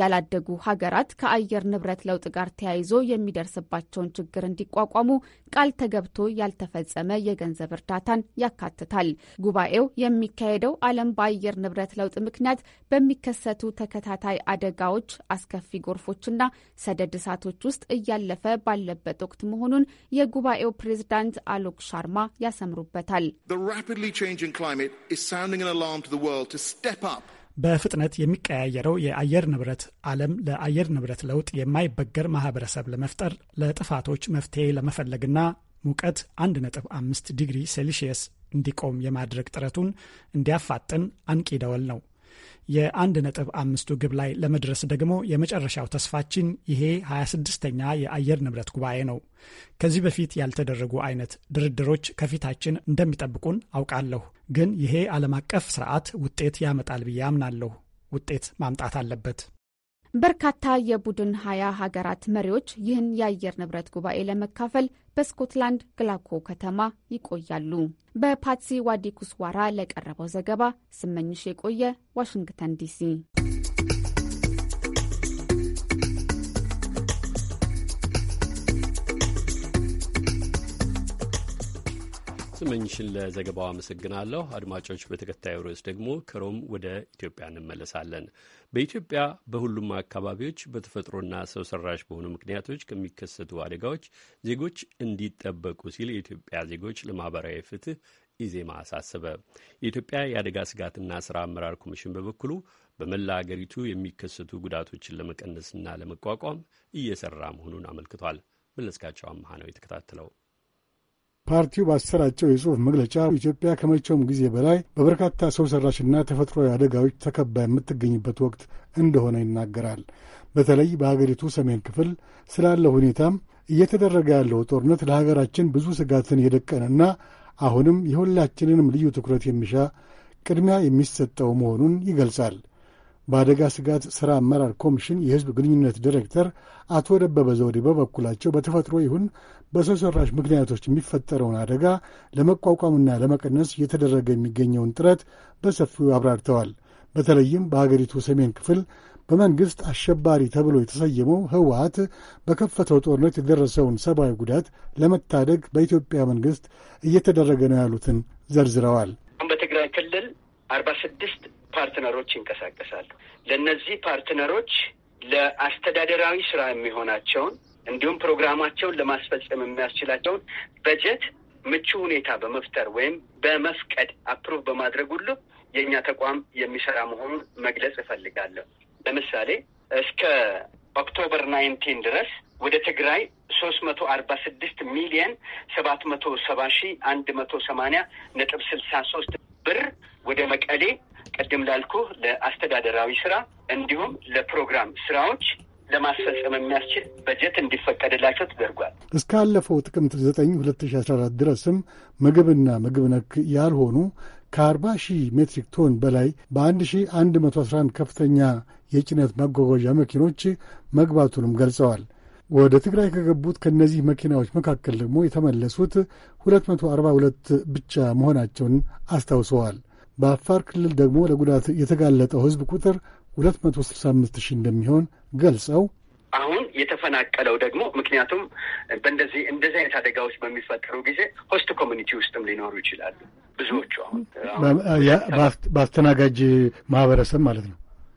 ያላደጉ ሀገራት ከአየር ንብረት ለውጥ ጋር ተያይዞ የሚደርስባቸውን ችግር እንዲቋቋሙ ቃል ተገብቶ ያልተፈጸመ የገንዘብ እርዳታን ያካትታል። ጉባኤው የሚካሄደው ዓለም በአየር ንብረት ለውጥ ምክንያት በሚከሰቱ ተከታታይ አደጋዎች፣ አስከፊ ጎርፎችና ሰደድ እሳቶች ውስጥ እያለፈ ባለ ባለበት ወቅት መሆኑን የጉባኤው ፕሬዝዳንት አሎክ ሻርማ ያሰምሩበታል። በፍጥነት የሚቀያየረው የአየር ንብረት ዓለም ለአየር ንብረት ለውጥ የማይበገር ማህበረሰብ ለመፍጠር ለጥፋቶች መፍትሄ ለመፈለግና ሙቀት 1.5 ዲግሪ ሴልሺየስ እንዲቆም የማድረግ ጥረቱን እንዲያፋጥን አንቂ ደወል ነው። የአንድ ነጥብ አምስቱ ግብ ላይ ለመድረስ ደግሞ የመጨረሻው ተስፋችን ይሄ 26ኛ የአየር ንብረት ጉባኤ ነው። ከዚህ በፊት ያልተደረጉ አይነት ድርድሮች ከፊታችን እንደሚጠብቁን አውቃለሁ፣ ግን ይሄ ዓለም አቀፍ ስርዓት ውጤት ያመጣል ብዬ አምናለሁ። ውጤት ማምጣት አለበት። በርካታ የቡድን ሀያ ሀገራት መሪዎች ይህን የአየር ንብረት ጉባኤ ለመካፈል በስኮትላንድ ግላኮ ከተማ ይቆያሉ። በፓትሲ ዋራ ለቀረበው ዘገባ ስመኝሽ የቆየ ዋሽንግተን ዲሲ ስመኝሽን ለዘገባው አመሰግናለሁ። አድማጮች፣ በተከታዩ ርዕስ ደግሞ ከሮም ወደ ኢትዮጵያ እንመለሳለን። በኢትዮጵያ በሁሉም አካባቢዎች በተፈጥሮና ሰው ሰራሽ በሆኑ ምክንያቶች ከሚከሰቱ አደጋዎች ዜጎች እንዲጠበቁ ሲል የኢትዮጵያ ዜጎች ለማህበራዊ ፍትህ ኢዜማ አሳሰበ። የኢትዮጵያ የአደጋ ስጋትና ስራ አመራር ኮሚሽን በበኩሉ በመላ አገሪቱ የሚከሰቱ ጉዳቶችን ለመቀነስና ለመቋቋም እየሰራ መሆኑን አመልክቷል። መለስካቸው አመሃ ነው የተከታተለው። ፓርቲው ባሰራጨው የጽሑፍ መግለጫ ኢትዮጵያ ከመቼውም ጊዜ በላይ በበርካታ ሰው ሰራሽና ተፈጥሯዊ አደጋዎች ተከባ የምትገኝበት ወቅት እንደሆነ ይናገራል። በተለይ በሀገሪቱ ሰሜን ክፍል ስላለው ሁኔታም እየተደረገ ያለው ጦርነት ለሀገራችን ብዙ ስጋትን የደቀነና አሁንም የሁላችንንም ልዩ ትኩረት የሚሻ ቅድሚያ የሚሰጠው መሆኑን ይገልጻል። በአደጋ ስጋት ሥራ አመራር ኮሚሽን የሕዝብ ግንኙነት ዲሬክተር አቶ ደበበ ዘውዴ በበኩላቸው በተፈጥሮ ይሁን በሰው ሠራሽ ምክንያቶች የሚፈጠረውን አደጋ ለመቋቋምና ለመቀነስ እየተደረገ የሚገኘውን ጥረት በሰፊው አብራርተዋል። በተለይም በአገሪቱ ሰሜን ክፍል በመንግሥት አሸባሪ ተብሎ የተሰየመው ህወሀት በከፈተው ጦርነት የደረሰውን ሰብአዊ ጉዳት ለመታደግ በኢትዮጵያ መንግሥት እየተደረገ ነው ያሉትን ዘርዝረዋል። በትግራይ ክልል አርባ ስድስት ፓርትነሮች ይንቀሳቀሳሉ። ለእነዚህ ፓርትነሮች ለአስተዳደራዊ ስራ የሚሆናቸውን እንዲሁም ፕሮግራማቸውን ለማስፈጸም የሚያስችላቸውን በጀት ምቹ ሁኔታ በመፍጠር ወይም በመፍቀድ አፕሩቭ በማድረግ ሁሉ የእኛ ተቋም የሚሰራ መሆኑን መግለጽ እፈልጋለሁ። ለምሳሌ እስከ ኦክቶበር ናይንቲን ድረስ ወደ ትግራይ ሶስት መቶ አርባ ስድስት ሚሊየን ሰባት መቶ ሰባ ሺ አንድ መቶ ሰማኒያ ነጥብ ስልሳ ሶስት ብር ወደ መቀሌ ቅድም ላልኩ ለአስተዳደራዊ ስራ እንዲሁም ለፕሮግራም ስራዎች ለማስፈጸም የሚያስችል በጀት እንዲፈቀድላቸው ተደርጓል። እስካለፈው ጥቅምት ዘጠኝ ሁለት ሺ አስራ አራት ድረስም ምግብና ምግብ ነክ ያልሆኑ ከአርባ ሺህ ሜትሪክ ቶን በላይ በአንድ ሺ አንድ መቶ አስራ አንድ ከፍተኛ የጭነት መጓጓዣ መኪኖች መግባቱንም ገልጸዋል። ወደ ትግራይ ከገቡት ከእነዚህ መኪናዎች መካከል ደግሞ የተመለሱት 242 ብቻ መሆናቸውን አስታውሰዋል። በአፋር ክልል ደግሞ ለጉዳት የተጋለጠው ሕዝብ ቁጥር 265 ሺህ እንደሚሆን ገልጸው አሁን የተፈናቀለው ደግሞ ምክንያቱም በእንደዚህ እንደዚህ አይነት አደጋዎች በሚፈጠሩ ጊዜ ሆስት ኮሚኒቲ ውስጥም ሊኖሩ ይችላሉ ብዙዎቹ አሁን በአስተናጋጅ ማህበረሰብ ማለት ነው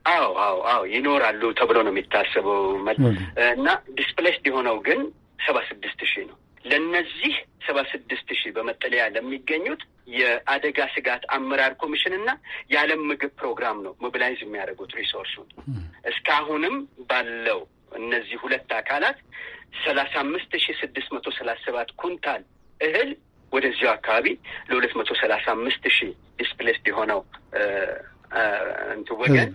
አዎ አዎ አዎ ይኖራሉ ተብሎ ነው የሚታሰበው እና ዲስፕሌስድ የሆነው ግን ሰባ ስድስት ሺህ ነው። ለነዚህ ሰባ ስድስት ሺህ በመጠለያ ለሚገኙት የአደጋ ስጋት አመራር ኮሚሽን እና የዓለም ምግብ ፕሮግራም ነው ሞቢላይዝ የሚያደርጉት ሪሶርሱን እስካሁንም ባለው እነዚህ ሁለት አካላት ሰላሳ አምስት ሺህ ስድስት መቶ ሰላሳ ሰባት ኩንታል እህል ወደዚያው አካባቢ ለሁለት መቶ ሰላሳ አምስት ሺህ ዲስፕሌስድ የሆነው ወገን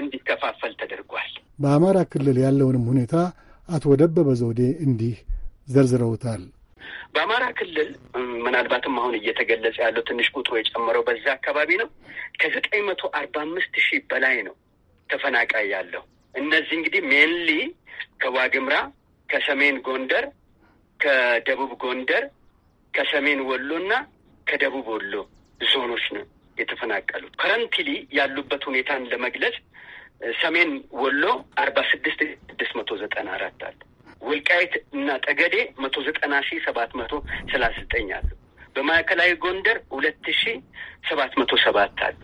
እንዲከፋፈል ተደርጓል። በአማራ ክልል ያለውንም ሁኔታ አቶ ደበበ ዘውዴ እንዲህ ዘርዝረውታል። በአማራ ክልል ምናልባትም አሁን እየተገለጸ ያለው ትንሽ ቁጥሩ የጨመረው በዛ አካባቢ ነው። ከዘጠኝ መቶ አርባ አምስት ሺህ በላይ ነው ተፈናቃይ ያለው። እነዚህ እንግዲህ ሜንሊ ከዋግምራ፣ ከሰሜን ጎንደር፣ ከደቡብ ጎንደር፣ ከሰሜን ወሎና ከደቡብ ወሎ ዞኖች ነው የተፈናቀሉት። ከረንትሊ ያሉበት ሁኔታን ለመግለጽ ሰሜን ወሎ አርባ ስድስት ስድስት መቶ ዘጠና አራት አለ። ውልቃይት እና ጠገዴ መቶ ዘጠና ሺህ ሰባት መቶ ሰላሳ ዘጠኝ አሉ። በማዕከላዊ ጎንደር ሁለት ሺ ሰባት መቶ ሰባት አሉ።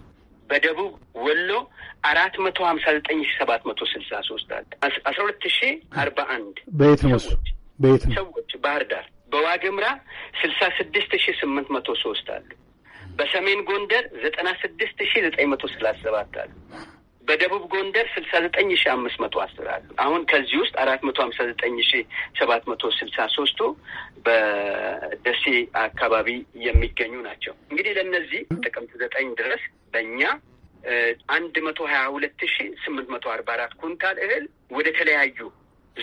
በደቡብ ወሎ አራት መቶ ሀምሳ ዘጠኝ ሺ ሰባት መቶ ስልሳ ሶስት አለ። አስራ ሁለት ሺ አርባ አንድ በየት ነው በየት ነው ሰዎች ባህር ዳር በዋግምራ ስልሳ ስድስት ሺ ስምንት መቶ ሶስት አሉ። በሰሜን ጎንደር ዘጠና ስድስት ሺ ዘጠኝ መቶ ሰላሳ ሰባት አሉ። በደቡብ ጎንደር ስልሳ ዘጠኝ ሺ አምስት መቶ አስር አሉ። አሁን ከዚህ ውስጥ አራት መቶ ሀምሳ ዘጠኝ ሺ ሰባት መቶ ስልሳ ሶስቱ በደሴ አካባቢ የሚገኙ ናቸው። እንግዲህ ለእነዚህ ጥቅምት ዘጠኝ ድረስ በእኛ አንድ መቶ ሀያ ሁለት ሺ ስምንት መቶ አርባ አራት ኩንታል እህል ወደ ተለያዩ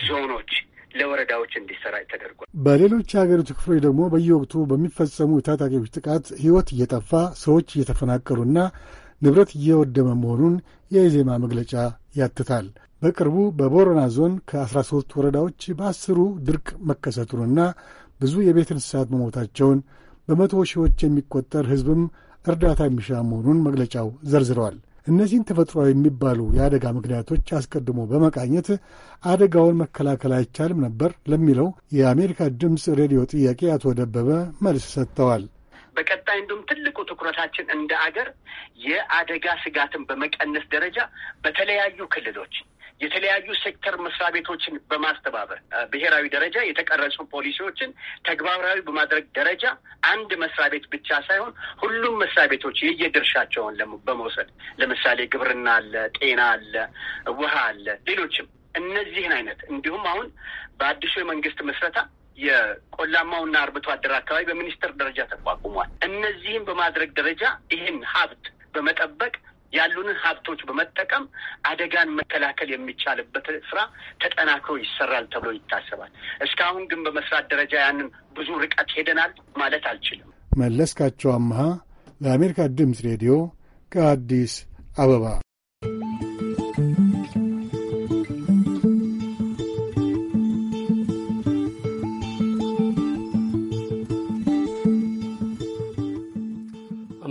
ዞኖች ለወረዳዎች እንዲሰራጭ ተደርጓል። በሌሎች የሀገሪቱ ክፍሎች ደግሞ በየወቅቱ በሚፈጸሙ የታጣቂዎች ጥቃት ሕይወት እየጠፋ ሰዎች እየተፈናቀሉና ንብረት እየወደመ መሆኑን የኢዜማ መግለጫ ያትታል። በቅርቡ በቦረና ዞን ከ13 ወረዳዎች በአስሩ ድርቅ መከሰቱንና ብዙ የቤት እንስሳት መሞታቸውን በመቶ ሺዎች የሚቆጠር ሕዝብም እርዳታ የሚሻ መሆኑን መግለጫው ዘርዝረዋል። እነዚህን ተፈጥሯዊ የሚባሉ የአደጋ ምክንያቶች አስቀድሞ በመቃኘት አደጋውን መከላከል አይቻልም ነበር ለሚለው የአሜሪካ ድምፅ ሬዲዮ ጥያቄ አቶ ደበበ መልስ ሰጥተዋል። በቀጣይ እንዲሁም ትልቁ ትኩረታችን እንደ አገር የአደጋ ስጋትን በመቀነስ ደረጃ በተለያዩ ክልሎች የተለያዩ ሴክተር መስሪያ ቤቶችን በማስተባበር ብሔራዊ ደረጃ የተቀረጹ ፖሊሲዎችን ተግባራዊ በማድረግ ደረጃ አንድ መስሪያ ቤት ብቻ ሳይሆን ሁሉም መስሪያ ቤቶች የየድርሻቸውን በመውሰድ ለምሳሌ ግብርና አለ፣ ጤና አለ፣ ውሃ አለ፣ ሌሎችም እነዚህን አይነት እንዲሁም አሁን በአዲሱ የመንግስት ምስረታ የቆላማውና አርብቶ አደር አካባቢ በሚኒስቴር ደረጃ ተቋቁሟል። እነዚህም በማድረግ ደረጃ ይህን ሀብት በመጠበቅ ያሉንን ሀብቶች በመጠቀም አደጋን መከላከል የሚቻልበት ስራ ተጠናክሮ ይሰራል ተብሎ ይታሰባል። እስካሁን ግን በመስራት ደረጃ ያንን ብዙ ርቀት ሄደናል ማለት አልችልም። መለስካቸው አምሃ ለአሜሪካ ድምፅ ሬዲዮ ከአዲስ አበባ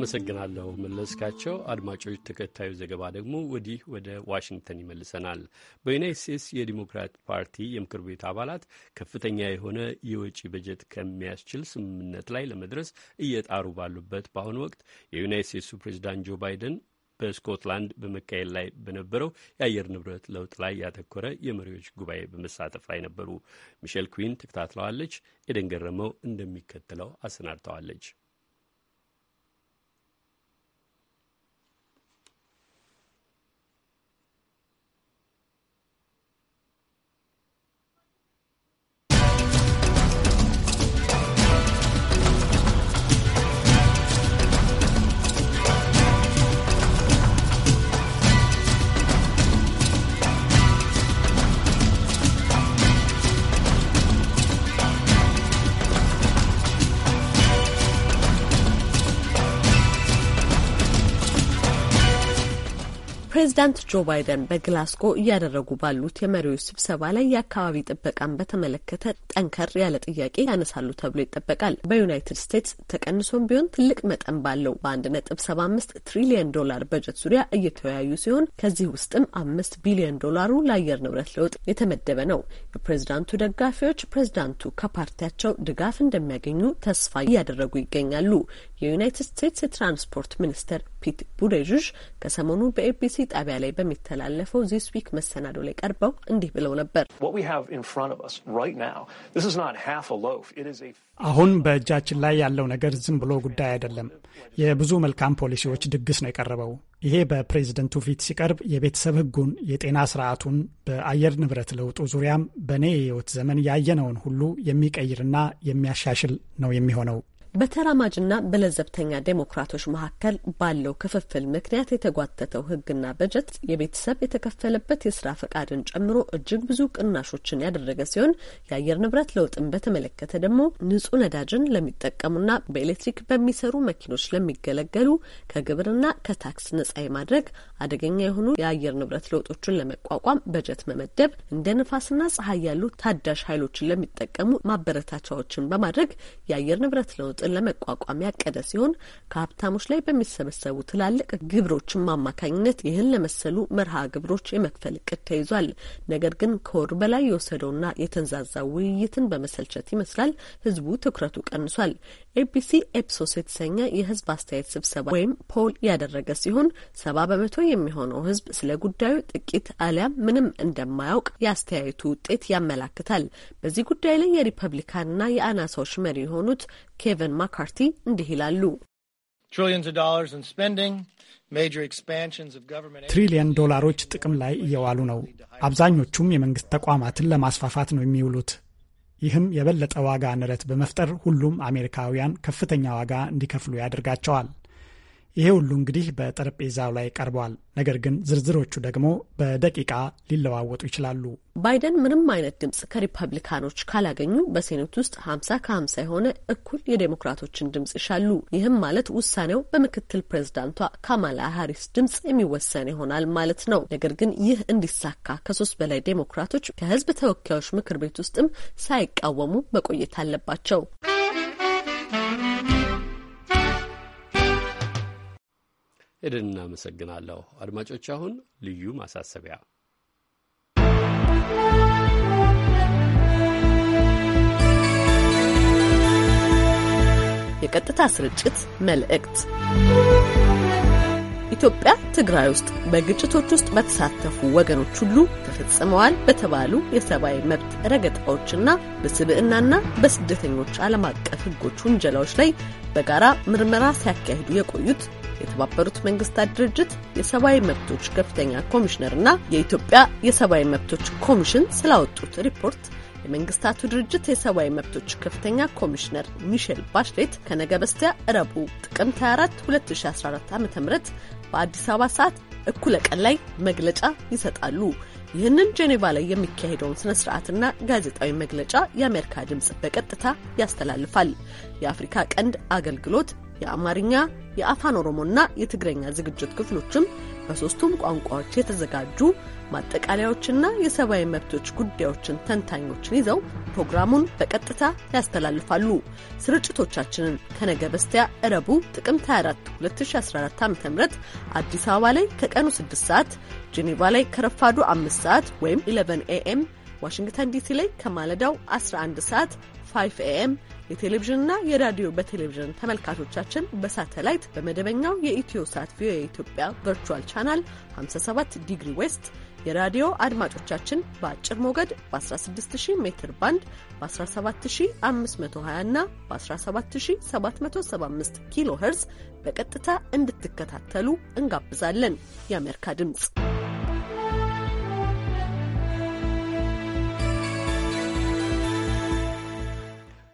አመሰግናለሁ መለስካቸው። አድማጮች፣ ተከታዩ ዘገባ ደግሞ ወዲህ ወደ ዋሽንግተን ይመልሰናል። በዩናይት ስቴትስ የዲሞክራት ፓርቲ የምክር ቤት አባላት ከፍተኛ የሆነ የወጪ በጀት ከሚያስችል ስምምነት ላይ ለመድረስ እየጣሩ ባሉበት በአሁኑ ወቅት የዩናይት ስቴትሱ ፕሬዚዳንት ጆ ባይደን በስኮትላንድ በመካሄድ ላይ በነበረው የአየር ንብረት ለውጥ ላይ ያተኮረ የመሪዎች ጉባኤ በመሳተፍ ላይ ነበሩ። ሚሼል ኩዊን ተከታትለዋለች። ኤደን ገረመው እንደሚከተለው አሰናድተዋለች። ፕሬዚዳንት ጆ ባይደን በግላስጎ እያደረጉ ባሉት የመሪዎች ስብሰባ ላይ የአካባቢ ጥበቃን በተመለከተ ጠንከር ያለ ጥያቄ ያነሳሉ ተብሎ ይጠበቃል። በዩናይትድ ስቴትስ ተቀንሶም ቢሆን ትልቅ መጠን ባለው በአንድ ነጥብ ሰባ አምስት ትሪሊየን ዶላር በጀት ዙሪያ እየተወያዩ ሲሆን ከዚህ ውስጥም አምስት ቢሊዮን ዶላሩ ለአየር ንብረት ለውጥ የተመደበ ነው። የፕሬዚዳንቱ ደጋፊዎች ፕሬዚዳንቱ ከፓርቲያቸው ድጋፍ እንደሚያገኙ ተስፋ እያደረጉ ይገኛሉ። የዩናይትድ ስቴትስ የትራንስፖርት ሚኒስተር ፒት ቡሬዥ ከሰሞኑ በኤቢሲ ጣቢያ ላይ በሚተላለፈው ዚስ ዊክ መሰናዶ ላይ ቀርበው እንዲህ ብለው ነበር። አሁን በእጃችን ላይ ያለው ነገር ዝም ብሎ ጉዳይ አይደለም። የብዙ መልካም ፖሊሲዎች ድግስ ነው የቀረበው። ይሄ በፕሬዝደንቱ ፊት ሲቀርብ የቤተሰብ ሕጉን፣ የጤና ስርዓቱን፣ በአየር ንብረት ለውጡ ዙሪያም በእኔ የህይወት ዘመን ያየነውን ሁሉ የሚቀይርና የሚያሻሽል ነው የሚሆነው። በተራማጅና በለዘብተኛ ዴሞክራቶች መካከል ባለው ክፍፍል ምክንያት የተጓተተው ሕግና በጀት የቤተሰብ የተከፈለበት የስራ ፈቃድን ጨምሮ እጅግ ብዙ ቅናሾችን ያደረገ ሲሆን የአየር ንብረት ለውጥን በተመለከተ ደግሞ ንጹህ ነዳጅን ለሚጠቀሙና በኤሌክትሪክ በሚሰሩ መኪኖች ለሚገለገሉ ከግብርና ከታክስ ነጻ የማድረግ አደገኛ የሆኑ የአየር ንብረት ለውጦችን ለመቋቋም በጀት መመደብ እንደ ንፋስና ፀሐይ ያሉ ታዳሽ ኃይሎችን ለሚጠቀሙ ማበረታቻዎችን በማድረግ የአየር ንብረት ለውጥ ለውጡን ለመቋቋም ያቀደ ሲሆን ከሀብታሞች ላይ በሚሰበሰቡ ትላልቅ ግብሮችም አማካኝነት ይህን ለመሰሉ መርሃ ግብሮች የመክፈል እቅድ ተይዟል። ነገር ግን ከወር በላይ የወሰደውና የተንዛዛ ውይይትን በመሰልቸት ይመስላል ህዝቡ ትኩረቱ ቀንሷል። ኤቢሲ ኤፕሶስ የተሰኘ የህዝብ አስተያየት ስብሰባ ወይም ፖል ያደረገ ሲሆን ሰባ በመቶ የሚሆነው ህዝብ ስለ ጉዳዩ ጥቂት አሊያም ምንም እንደማያውቅ የአስተያየቱ ውጤት ያመላክታል። በዚህ ጉዳይ ላይ የሪፐብሊካንና የአናሳዎች መሪ የሆኑት ኬቨን ማካርቲ እንዲህ ይላሉ። ትሪሊየን ዶላሮች ጥቅም ላይ እየዋሉ ነው። አብዛኞቹም የመንግስት ተቋማትን ለማስፋፋት ነው የሚውሉት። ይህም የበለጠ ዋጋ ንረት በመፍጠር ሁሉም አሜሪካውያን ከፍተኛ ዋጋ እንዲከፍሉ ያደርጋቸዋል። ይሄ ሁሉ እንግዲህ በጠረጴዛው ላይ ቀርቧል። ነገር ግን ዝርዝሮቹ ደግሞ በደቂቃ ሊለዋወጡ ይችላሉ። ባይደን ምንም አይነት ድምጽ ከሪፐብሊካኖች ካላገኙ በሴኔት ውስጥ ሀምሳ ከሀምሳ የሆነ እኩል የዴሞክራቶችን ድምጽ ይሻሉ። ይህም ማለት ውሳኔው በምክትል ፕሬዝዳንቷ ካማላ ሀሪስ ድምጽ የሚወሰን ይሆናል ማለት ነው። ነገር ግን ይህ እንዲሳካ ከሶስት በላይ ዴሞክራቶች ከህዝብ ተወካዮች ምክር ቤት ውስጥም ሳይቃወሙ መቆየት አለባቸው። ኤደን እናመሰግናለሁ። አድማጮች አሁን ልዩ ማሳሰቢያ የቀጥታ ስርጭት መልእክት ኢትዮጵያ ትግራይ ውስጥ በግጭቶች ውስጥ በተሳተፉ ወገኖች ሁሉ ተፈጽመዋል በተባሉ የሰብአዊ መብት ረገጣዎችና በስብዕናና በስደተኞች ዓለም አቀፍ ሕጎች ውንጀላዎች ላይ በጋራ ምርመራ ሲያካሂዱ የቆዩት የተባበሩት መንግስታት ድርጅት የሰብአዊ መብቶች ከፍተኛ ኮሚሽነርና የኢትዮጵያ የሰብአዊ መብቶች ኮሚሽን ስላወጡት ሪፖርት የመንግስታቱ ድርጅት የሰብአዊ መብቶች ከፍተኛ ኮሚሽነር ሚሼል ባሽሌት ከነገ በስቲያ ረቡዕ ጥቅምት 24 2014 ዓ ም በአዲስ አበባ ሰዓት እኩለ ቀን ላይ መግለጫ ይሰጣሉ። ይህንን ጄኔቫ ላይ የሚካሄደውን ስነ ስርዓትና ጋዜጣዊ መግለጫ የአሜሪካ ድምፅ በቀጥታ ያስተላልፋል። የአፍሪካ ቀንድ አገልግሎት የአማርኛ፣ የአፋን ኦሮሞና የትግረኛ ዝግጅት ክፍሎችም በሶስቱም ቋንቋዎች የተዘጋጁ ማጠቃለያዎችና የሰብአዊ መብቶች ጉዳዮችን ተንታኞችን ይዘው ፕሮግራሙን በቀጥታ ያስተላልፋሉ። ስርጭቶቻችንን ከነገ በስቲያ እረቡ ጥቅምት 24 2014 ዓ ም አዲስ አበባ ላይ ከቀኑ 6 ሰዓት፣ ጄኔቫ ላይ ከረፋዱ 5 ሰዓት ወይም 11 ኤኤም፣ ዋሽንግተን ዲሲ ላይ ከማለዳው 11 ሰዓት 5 ኤኤም የቴሌቪዥንና የራዲዮ በቴሌቪዥን ተመልካቾቻችን በሳተላይት በመደበኛው የኢትዮ ሳት ቪኦኤ ኢትዮጵያ ቨርቹዋል ቻናል 57 ዲግሪ ዌስት የራዲዮ አድማጮቻችን በአጭር ሞገድ በ16000 ሜትር ባንድ በ17520 እና በ17775 ኪሎ ሄርዝ በቀጥታ እንድትከታተሉ እንጋብዛለን። የአሜሪካ ድምፅ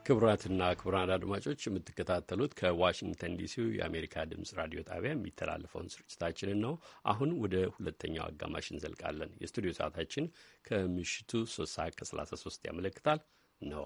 ክቡራትና ክቡራን አድማጮች የምትከታተሉት ከዋሽንግተን ዲሲው የአሜሪካ ድምፅ ራዲዮ ጣቢያ የሚተላለፈውን ስርጭታችንን ነው። አሁን ወደ ሁለተኛው አጋማሽ እንዘልቃለን። የስቱዲዮ ሰዓታችን ከምሽቱ 3 ሰዓት ከ33 ያመለክታል ነው።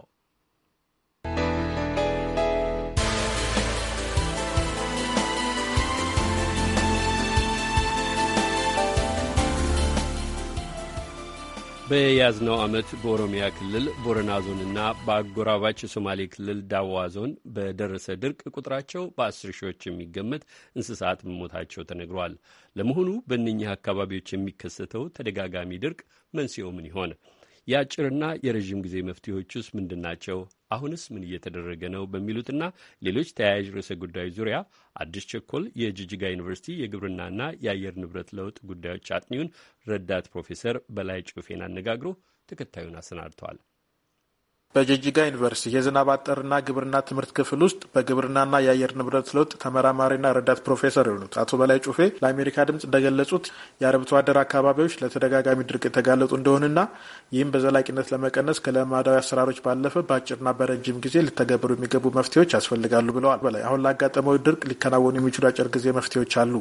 በያዝነው ዓመት በኦሮሚያ ክልል ቦረና ዞንና በአጎራባች የሶማሌ ክልል ዳዋ ዞን በደረሰ ድርቅ ቁጥራቸው በአስር ሺዎች የሚገመት እንስሳት መሞታቸው ተነግሯል። ለመሆኑ በእነኚህ አካባቢዎች የሚከሰተው ተደጋጋሚ ድርቅ መንስኤው ምን ይሆን? የአጭርና የረዥም ጊዜ መፍትሄዎች ውስጥ ምንድን ናቸው? አሁንስ ምን እየተደረገ ነው? በሚሉትና ሌሎች ተያያዥ ርዕሰ ጉዳዮች ዙሪያ አዲስ ቸኮል የጅጅጋ ዩኒቨርሲቲ የግብርናና የአየር ንብረት ለውጥ ጉዳዮች አጥኚውን ረዳት ፕሮፌሰር በላይ ጩፌን አነጋግሮ ተከታዩን አሰናድተዋል። በጅጅጋ ዩኒቨርሲቲ የዝናብ አጠርና ግብርና ትምህርት ክፍል ውስጥ በግብርናና የአየር ንብረት ለውጥ ተመራማሪና ረዳት ፕሮፌሰር የሆኑት አቶ በላይ ጩፌ ለአሜሪካ ድምፅ እንደገለጹት የአርብቶ አደር አካባቢዎች ለተደጋጋሚ ድርቅ የተጋለጡ እንደሆነና ይህም በዘላቂነት ለመቀነስ ከለማዳዊ አሰራሮች ባለፈ በአጭርና በረጅም ጊዜ ሊተገበሩ የሚገቡ መፍትሄዎች ያስፈልጋሉ ብለዋል። በላይ አሁን ላጋጠመው ድርቅ ሊከናወኑ የሚችሉ አጭር ጊዜ መፍትሄዎች አሉ።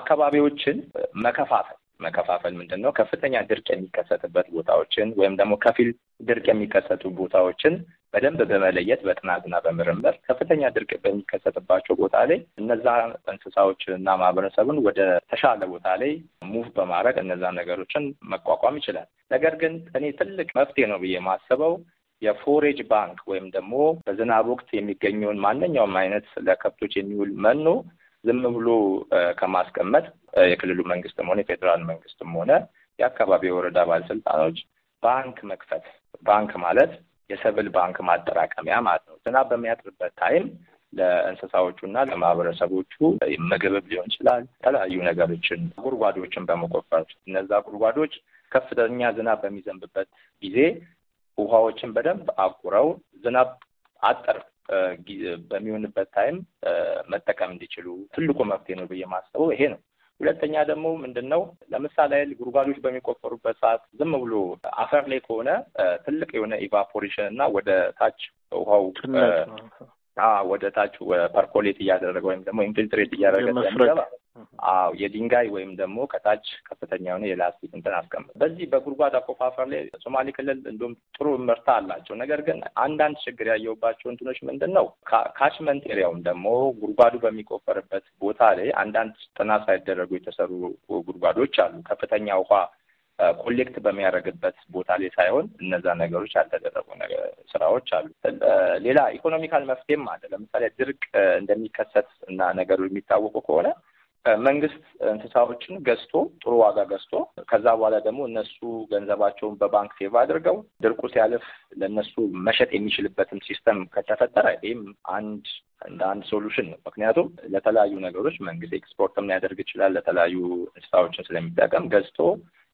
አካባቢዎችን መከፋፈል መከፋፈል ምንድን ነው? ከፍተኛ ድርቅ የሚከሰትበት ቦታዎችን ወይም ደግሞ ከፊል ድርቅ የሚከሰቱ ቦታዎችን በደንብ በመለየት በጥናትና በምርምር ከፍተኛ ድርቅ በሚከሰትባቸው ቦታ ላይ እነዛ እንስሳዎች እና ማህበረሰቡን ወደ ተሻለ ቦታ ላይ ሙቭ በማድረግ እነዛ ነገሮችን መቋቋም ይችላል። ነገር ግን እኔ ትልቅ መፍትሄ ነው ብዬ የማስበው የፎሬጅ ባንክ ወይም ደግሞ በዝናብ ወቅት የሚገኘውን ማንኛውም አይነት ለከብቶች የሚውል መኖ ዝም ብሎ ከማስቀመጥ የክልሉ መንግስትም ሆነ የፌዴራል መንግስትም ሆነ የአካባቢ የወረዳ ባለስልጣኖች ባንክ መክፈት፣ ባንክ ማለት የሰብል ባንክ ማጠራቀሚያ ማለት ነው። ዝናብ በሚያጥርበት ታይም ለእንስሳዎቹ ለማህበረሰቦቹ ምግብም ሊሆን ይችላል። የተለያዩ ነገሮችን ጉድጓዶችን በመቆፈር እነዛ ጉድጓዶች ከፍተኛ ዝናብ በሚዘንብበት ጊዜ ውሃዎችን በደንብ አቁረው ዝናብ አጠር በሚሆንበት ታይም መጠቀም እንዲችሉ ትልቁ መፍትሄ ነው ብዬ ማስበው ይሄ ነው። ሁለተኛ ደግሞ ምንድን ነው ለምሳሌ ጉድጓዶች በሚቆፈሩበት ሰዓት ዝም ብሎ አፈር ላይ ከሆነ ትልቅ የሆነ ኢቫፖሬሽን እና ወደ ታች ውሃው ወደ ታች ፐርኮሌት እያደረገ ወይም ደግሞ ኢንፊልትሬት እያደረገ ስለሚገባ አዎ የድንጋይ ወይም ደግሞ ከታች ከፍተኛ የሆነ የላስቲክ እንትን አስቀምጥ። በዚህ በጉድጓድ አቆፋፈር ላይ ሶማሌ ክልል እንዲሁም ጥሩ ምርታ አላቸው። ነገር ግን አንዳንድ ችግር ያየውባቸው እንትኖች ምንድን ነው ካችመንት ኤሪያውም ደግሞ ጉድጓዱ በሚቆፈርበት ቦታ ላይ አንዳንድ ጥናት ሳይደረጉ የተሰሩ ጉድጓዶች አሉ። ከፍተኛ ውሃ ኮሌክት በሚያደርግበት ቦታ ላይ ሳይሆን እነዛ ነገሮች ያልተደረጉ ስራዎች አሉ። ሌላ ኢኮኖሚካል መፍትሄም አለ። ለምሳሌ ድርቅ እንደሚከሰት እና ነገሩ የሚታወቁ ከሆነ መንግስት እንስሳዎችን ገዝቶ ጥሩ ዋጋ ገዝቶ ከዛ በኋላ ደግሞ እነሱ ገንዘባቸውን በባንክ ሴቭ አድርገው ድርቁ ሲያልፍ ለእነሱ መሸጥ የሚችልበትም ሲስተም ከተፈጠረ ይህም አንድ እንደ አንድ ሶሉሽን ነው። ምክንያቱም ለተለያዩ ነገሮች መንግስት ኤክስፖርት የሚያደርግ ይችላል። ለተለያዩ እንስሳዎችን ስለሚጠቀም ገዝቶ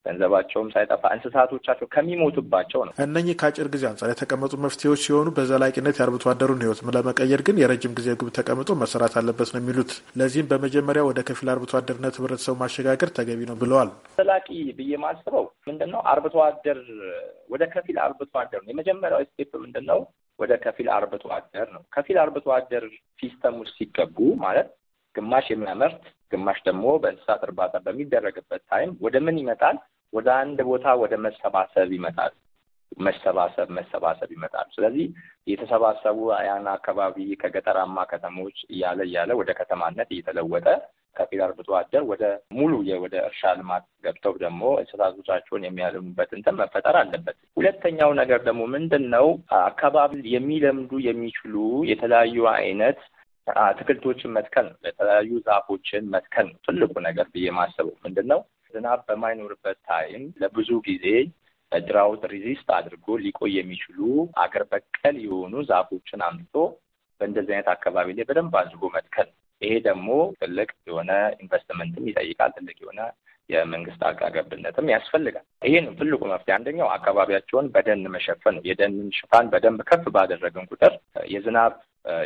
ገንዘባቸውም ሳይጠፋ እንስሳቶቻቸው ከሚሞቱባቸው ነው። እነኚህ ከአጭር ጊዜ አንጻር የተቀመጡ መፍትሄዎች ሲሆኑ በዘላቂነት የአርብቶ አደሩን ህይወት ለመቀየር ግን የረጅም ጊዜ ግብ ተቀምጦ መሰራት አለበት ነው የሚሉት። ለዚህም በመጀመሪያ ወደ ከፊል አርብቶ አደርነት ህብረተሰቡ ማሸጋገር ተገቢ ነው ብለዋል። ዘላቂ ብዬ ማስበው ምንድነው አርብቶ አደር ወደ ከፊል አርብቶ አደር ነው የመጀመሪያው ስቴፕ ምንድነው ነው ወደ ከፊል አርብቶ አደር ነው። ከፊል አርብቶ አደር ሲስተም ውስጥ ሲገቡ ማለት ግማሽ የሚያመርት ግማሽ ደግሞ በእንስሳት እርባታ በሚደረግበት ታይም ወደ ምን ይመጣል? ወደ አንድ ቦታ ወደ መሰባሰብ ይመጣል። መሰባሰብ መሰባሰብ ይመጣል። ስለዚህ የተሰባሰቡ ያን አካባቢ ከገጠራማ ከተሞች እያለ እያለ ወደ ከተማነት እየተለወጠ ከፊል አርብቶ አደር ወደ ሙሉ ወደ እርሻ ልማት ገብተው ደግሞ እንስሳቶቻቸውን የሚያለሙበት እንትን መፈጠር አለበት። ሁለተኛው ነገር ደግሞ ምንድን ነው? አካባቢ የሚለምዱ የሚችሉ የተለያዩ አይነት አትክልቶችን መትከል ነው። የተለያዩ ዛፎችን መትከል ነው። ትልቁ ነገር ብዬ ማሰበው ምንድን ነው ዝናብ በማይኖርበት ታይም ለብዙ ጊዜ ድራውት ሪዚስት አድርጎ ሊቆይ የሚችሉ አገር በቀል የሆኑ ዛፎችን አምጥቶ በእንደዚህ አይነት አካባቢ ላይ በደንብ አድርጎ መትከል ይሄ ደግሞ ትልቅ የሆነ ኢንቨስትመንትም ይጠይቃል። ትልቅ የሆነ የመንግስት አጋገብነትም ያስፈልጋል። ይህን ትልቁ መፍትሄ አንደኛው አካባቢያቸውን በደን መሸፈን ነው። የደንን ሽፋን በደንብ ከፍ ባደረግን ቁጥር የዝናብ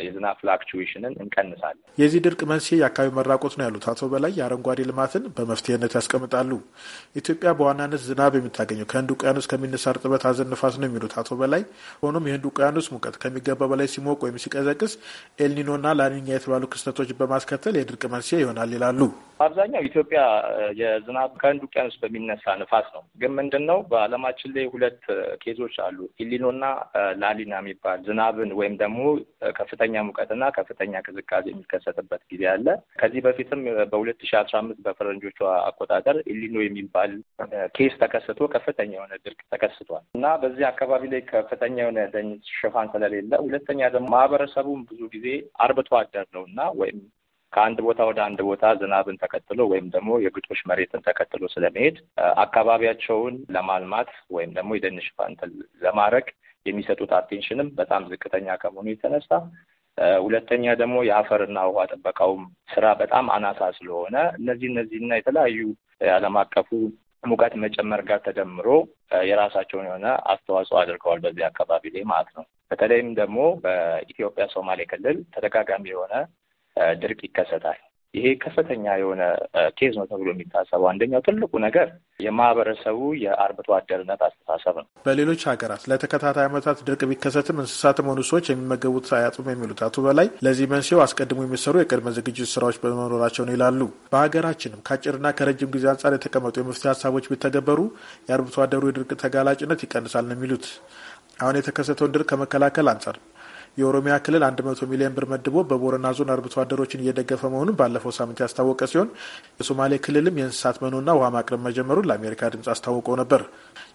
የዝናብ ፍላክቹዌሽንን እንቀንሳለን። የዚህ ድርቅ መንስኤ የአካባቢ መራቆት ነው ያሉት አቶ በላይ የአረንጓዴ ልማትን በመፍትሄነት ያስቀምጣሉ። ኢትዮጵያ በዋናነት ዝናብ የምታገኘው ከህንድ ውቅያኖስ ከሚነሳ እርጥበት አዘን ንፋስ ነው የሚሉት አቶ በላይ ሆኖም የህንድ ውቅያኖስ ሙቀት ከሚገባ በላይ ሲሞቅ ወይም ሲቀዘቅስ ኤልኒኖና ላኒኛ የተባሉ ክስተቶችን በማስከተል የድርቅ መንስኤ ይሆናል ይላሉ። አብዛኛው ኢትዮጵያ የዝናብ ከህንድ ውቅያኖስ በሚነሳ ንፋስ ነው። ግን ምንድን ነው በዓለማችን ላይ ሁለት ኬዞች አሉ። ኢሊኖና ላሊና የሚባል ዝናብን ወይም ደግሞ ከፍተኛ ሙቀትና ከፍተኛ ቅዝቃዜ የሚከሰትበት ጊዜ አለ። ከዚህ በፊትም በሁለት ሺ አስራ አምስት በፈረንጆቹ አቆጣጠር ኢሊኖ የሚባል ኬስ ተከስቶ ከፍተኛ የሆነ ድርቅ ተከስቷል እና በዚህ አካባቢ ላይ ከፍተኛ የሆነ ደን ሽፋን ስለሌለ፣ ሁለተኛ ደግሞ ማህበረሰቡም ብዙ ጊዜ አርብቶ አደር ነው እና ወይም ከአንድ ቦታ ወደ አንድ ቦታ ዝናብን ተከትሎ ወይም ደግሞ የግጦሽ መሬትን ተከትሎ ስለመሄድ አካባቢያቸውን ለማልማት ወይም ደግሞ የደን ሽፋን ለማድረግ የሚሰጡት አቴንሽንም በጣም ዝቅተኛ ከመሆኑ የተነሳ ሁለተኛ ደግሞ የአፈርና ውሃ ጥበቃውም ስራ በጣም አናሳ ስለሆነ እነዚህ እነዚህና የተለያዩ ዓለም አቀፉ ሙቀት መጨመር ጋር ተደምሮ የራሳቸውን የሆነ አስተዋጽኦ አድርገዋል በዚህ አካባቢ ላይ ማለት ነው። በተለይም ደግሞ በኢትዮጵያ ሶማሌ ክልል ተደጋጋሚ የሆነ ድርቅ ይከሰታል። ይሄ ከፍተኛ የሆነ ኬዝ ነው ተብሎ የሚታሰበው አንደኛው ትልቁ ነገር የማህበረሰቡ የአርብቶ አደርነት አስተሳሰብ ነው። በሌሎች ሀገራት ለተከታታይ ዓመታት ድርቅ ቢከሰትም እንስሳትም ሆኑ ሰዎች የሚመገቡት አያጡም የሚሉት አቶ በላይ ለዚህ መንስኤው አስቀድሞ የሚሰሩ የቅድመ ዝግጅት ስራዎች በመኖራቸው ነው ይላሉ። በሀገራችንም ከአጭርና ከረጅም ጊዜ አንጻር የተቀመጡ የመፍትሄ ሀሳቦች ቢተገበሩ የአርብቶ አደሩ የድርቅ ተጋላጭነት ይቀንሳል ነው የሚሉት። አሁን የተከሰተውን ድርቅ ከመከላከል አንጻር የኦሮሚያ ክልል 100 ሚሊዮን ብር መድቦ በቦረና ዞን አርብቶ አደሮችን እየደገፈ መሆኑን ባለፈው ሳምንት ያስታወቀ ሲሆን የሶማሌ ክልልም የእንስሳት መኖና ውሃ ማቅረብ መጀመሩን ለአሜሪካ ድምፅ አስታውቆ ነበር።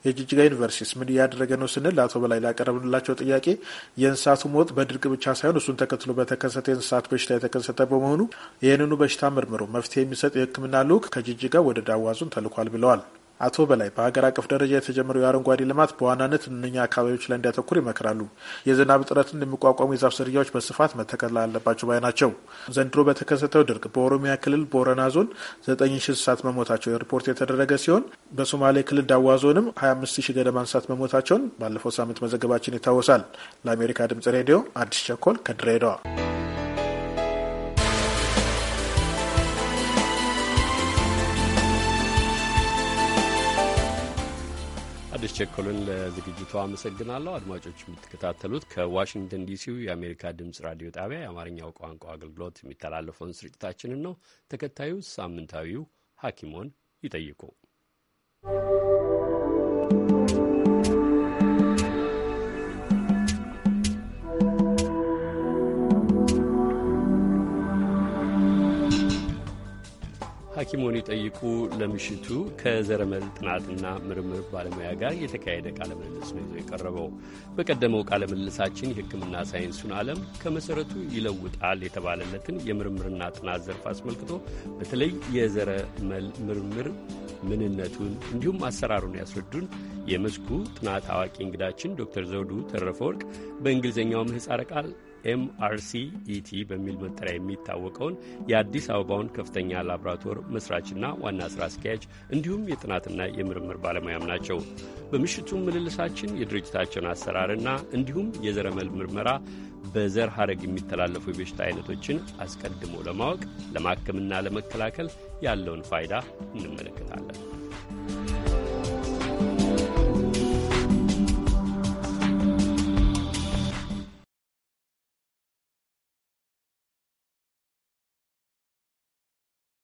የጅጅጋ ዩኒቨርሲቲስ ምን እያደረገ ነው ስንል ለአቶ በላይ ላቀረብንላቸው ጥያቄ የእንስሳቱ ሞት በድርቅ ብቻ ሳይሆን እሱን ተከትሎ በተከሰተ የእንስሳት በሽታ የተከሰተ በመሆኑ ይህንኑ በሽታ ምርምሩ መፍትሄ የሚሰጥ የሕክምና ልዑክ ከጅጅጋ ወደ ዳዋ ዞን ተልኳል ብለዋል። አቶ በላይ በሀገር አቀፍ ደረጃ የተጀመረው የአረንጓዴ ልማት በዋናነት እነኛ አካባቢዎች ላይ እንዲያተኩር ይመክራሉ። የዝናብ እጥረትን የሚቋቋሙ የዛፍ ዝርያዎች በስፋት መተከል አለባቸው ባይ ናቸው። ዘንድሮ በተከሰተው ድርቅ በኦሮሚያ ክልል ቦረና ዞን ዘጠኝ ሺ እንስሳት መሞታቸው ሪፖርት የተደረገ ሲሆን በሶማሌ ክልል ዳዋ ዞንም ሀያ አምስት ሺ ገደማ እንስሳት መሞታቸውን ባለፈው ሳምንት መዘገባችን ይታወሳል። ለአሜሪካ ድምጽ ሬዲዮ አዲስ ቸኮል ከድሬዳዋ አዲስ ቸኮልን ለዝግጅቱ አመሰግናለሁ። አድማጮች የምትከታተሉት ከዋሽንግተን ዲሲው የአሜሪካ ድምጽ ራዲዮ ጣቢያ የአማርኛው ቋንቋ አገልግሎት የሚተላለፈውን ስርጭታችንን ነው። ተከታዩ ሳምንታዊው ሐኪሞን ይጠይቁ ሐኪሞን ይጠይቁ ለምሽቱ ከዘረመል ጥናትና ምርምር ባለሙያ ጋር የተካሄደ ቃለ ምልልስ ነው ይዞ የቀረበው። በቀደመው ቃለ ምልልሳችን የሕክምና ሳይንሱን ዓለም ከመሠረቱ ይለውጣል የተባለለትን የምርምርና ጥናት ዘርፍ አስመልክቶ በተለይ የዘረመል ምርምር ምንነቱን እንዲሁም አሰራሩን ያስረዱን የመስኩ ጥናት አዋቂ እንግዳችን ዶክተር ዘውዱ ተረፈ ወርቅ በእንግሊዝኛው ምህፃረ ቃል ኤምአርሲ ኢቲ በሚል መጠሪያ የሚታወቀውን የአዲስ አበባውን ከፍተኛ ላብራቶር መስራችና ዋና ስራ አስኪያጅ እንዲሁም የጥናትና የምርምር ባለሙያም ናቸው። በምሽቱ ምልልሳችን የድርጅታቸውን አሰራርና እንዲሁም የዘረመል ምርመራ በዘር ሀረግ የሚተላለፉ የበሽታ አይነቶችን አስቀድሞ ለማወቅ ለማከምና ለመከላከል ያለውን ፋይዳ እንመለከታለን።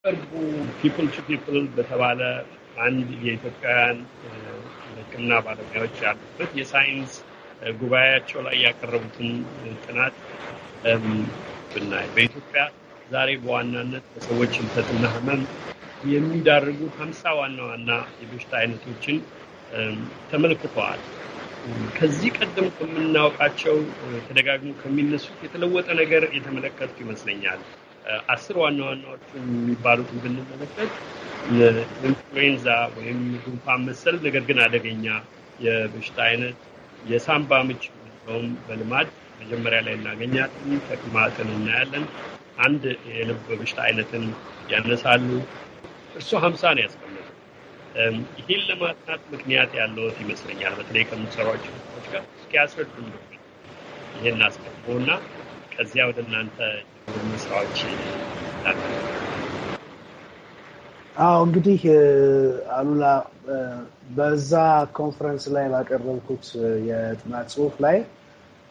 በቅርቡ ፒፕል ቱ ፒፕል በተባለ አንድ የኢትዮጵያውያን ሕክምና ባለሙያዎች ያሉበት የሳይንስ ጉባኤያቸው ላይ ያቀረቡትን ጥናት ብናይ በኢትዮጵያ ዛሬ በዋናነት በሰዎች ህልፈትና ህመም የሚዳርጉ ሀምሳ ዋና ዋና የበሽታ አይነቶችን ተመልክተዋል። ከዚህ ቀደም ከምናውቃቸው ተደጋግሞ ከሚነሱት የተለወጠ ነገር የተመለከቱ ይመስለኛል። አስር ዋና ዋናዎቹ የሚባሉትን ብንመለከት የኢንፍሉዌንዛ ወይም ጉንፋን መሰል ነገር ግን አደገኛ የበሽታ አይነት፣ የሳምባ ምች የሚለውም በልማድ መጀመሪያ ላይ እናገኛለን። ተቅማጥን እናያለን። አንድ የልብ በሽታ አይነትን ያነሳሉ። እርሱ ሀምሳ ነው ያስቀምጡ። ይህን ለማጥናት ምክንያት ያለውት ይመስለኛል። በተለይ ከምትሰሯቸው ጋር እስኪያስረዱ ይህን እና ከዚያ ወደ እናንተ ስራዎች አዎ እንግዲህ አሉላ በዛ ኮንፈረንስ ላይ ባቀረብኩት የጥናት ጽሁፍ ላይ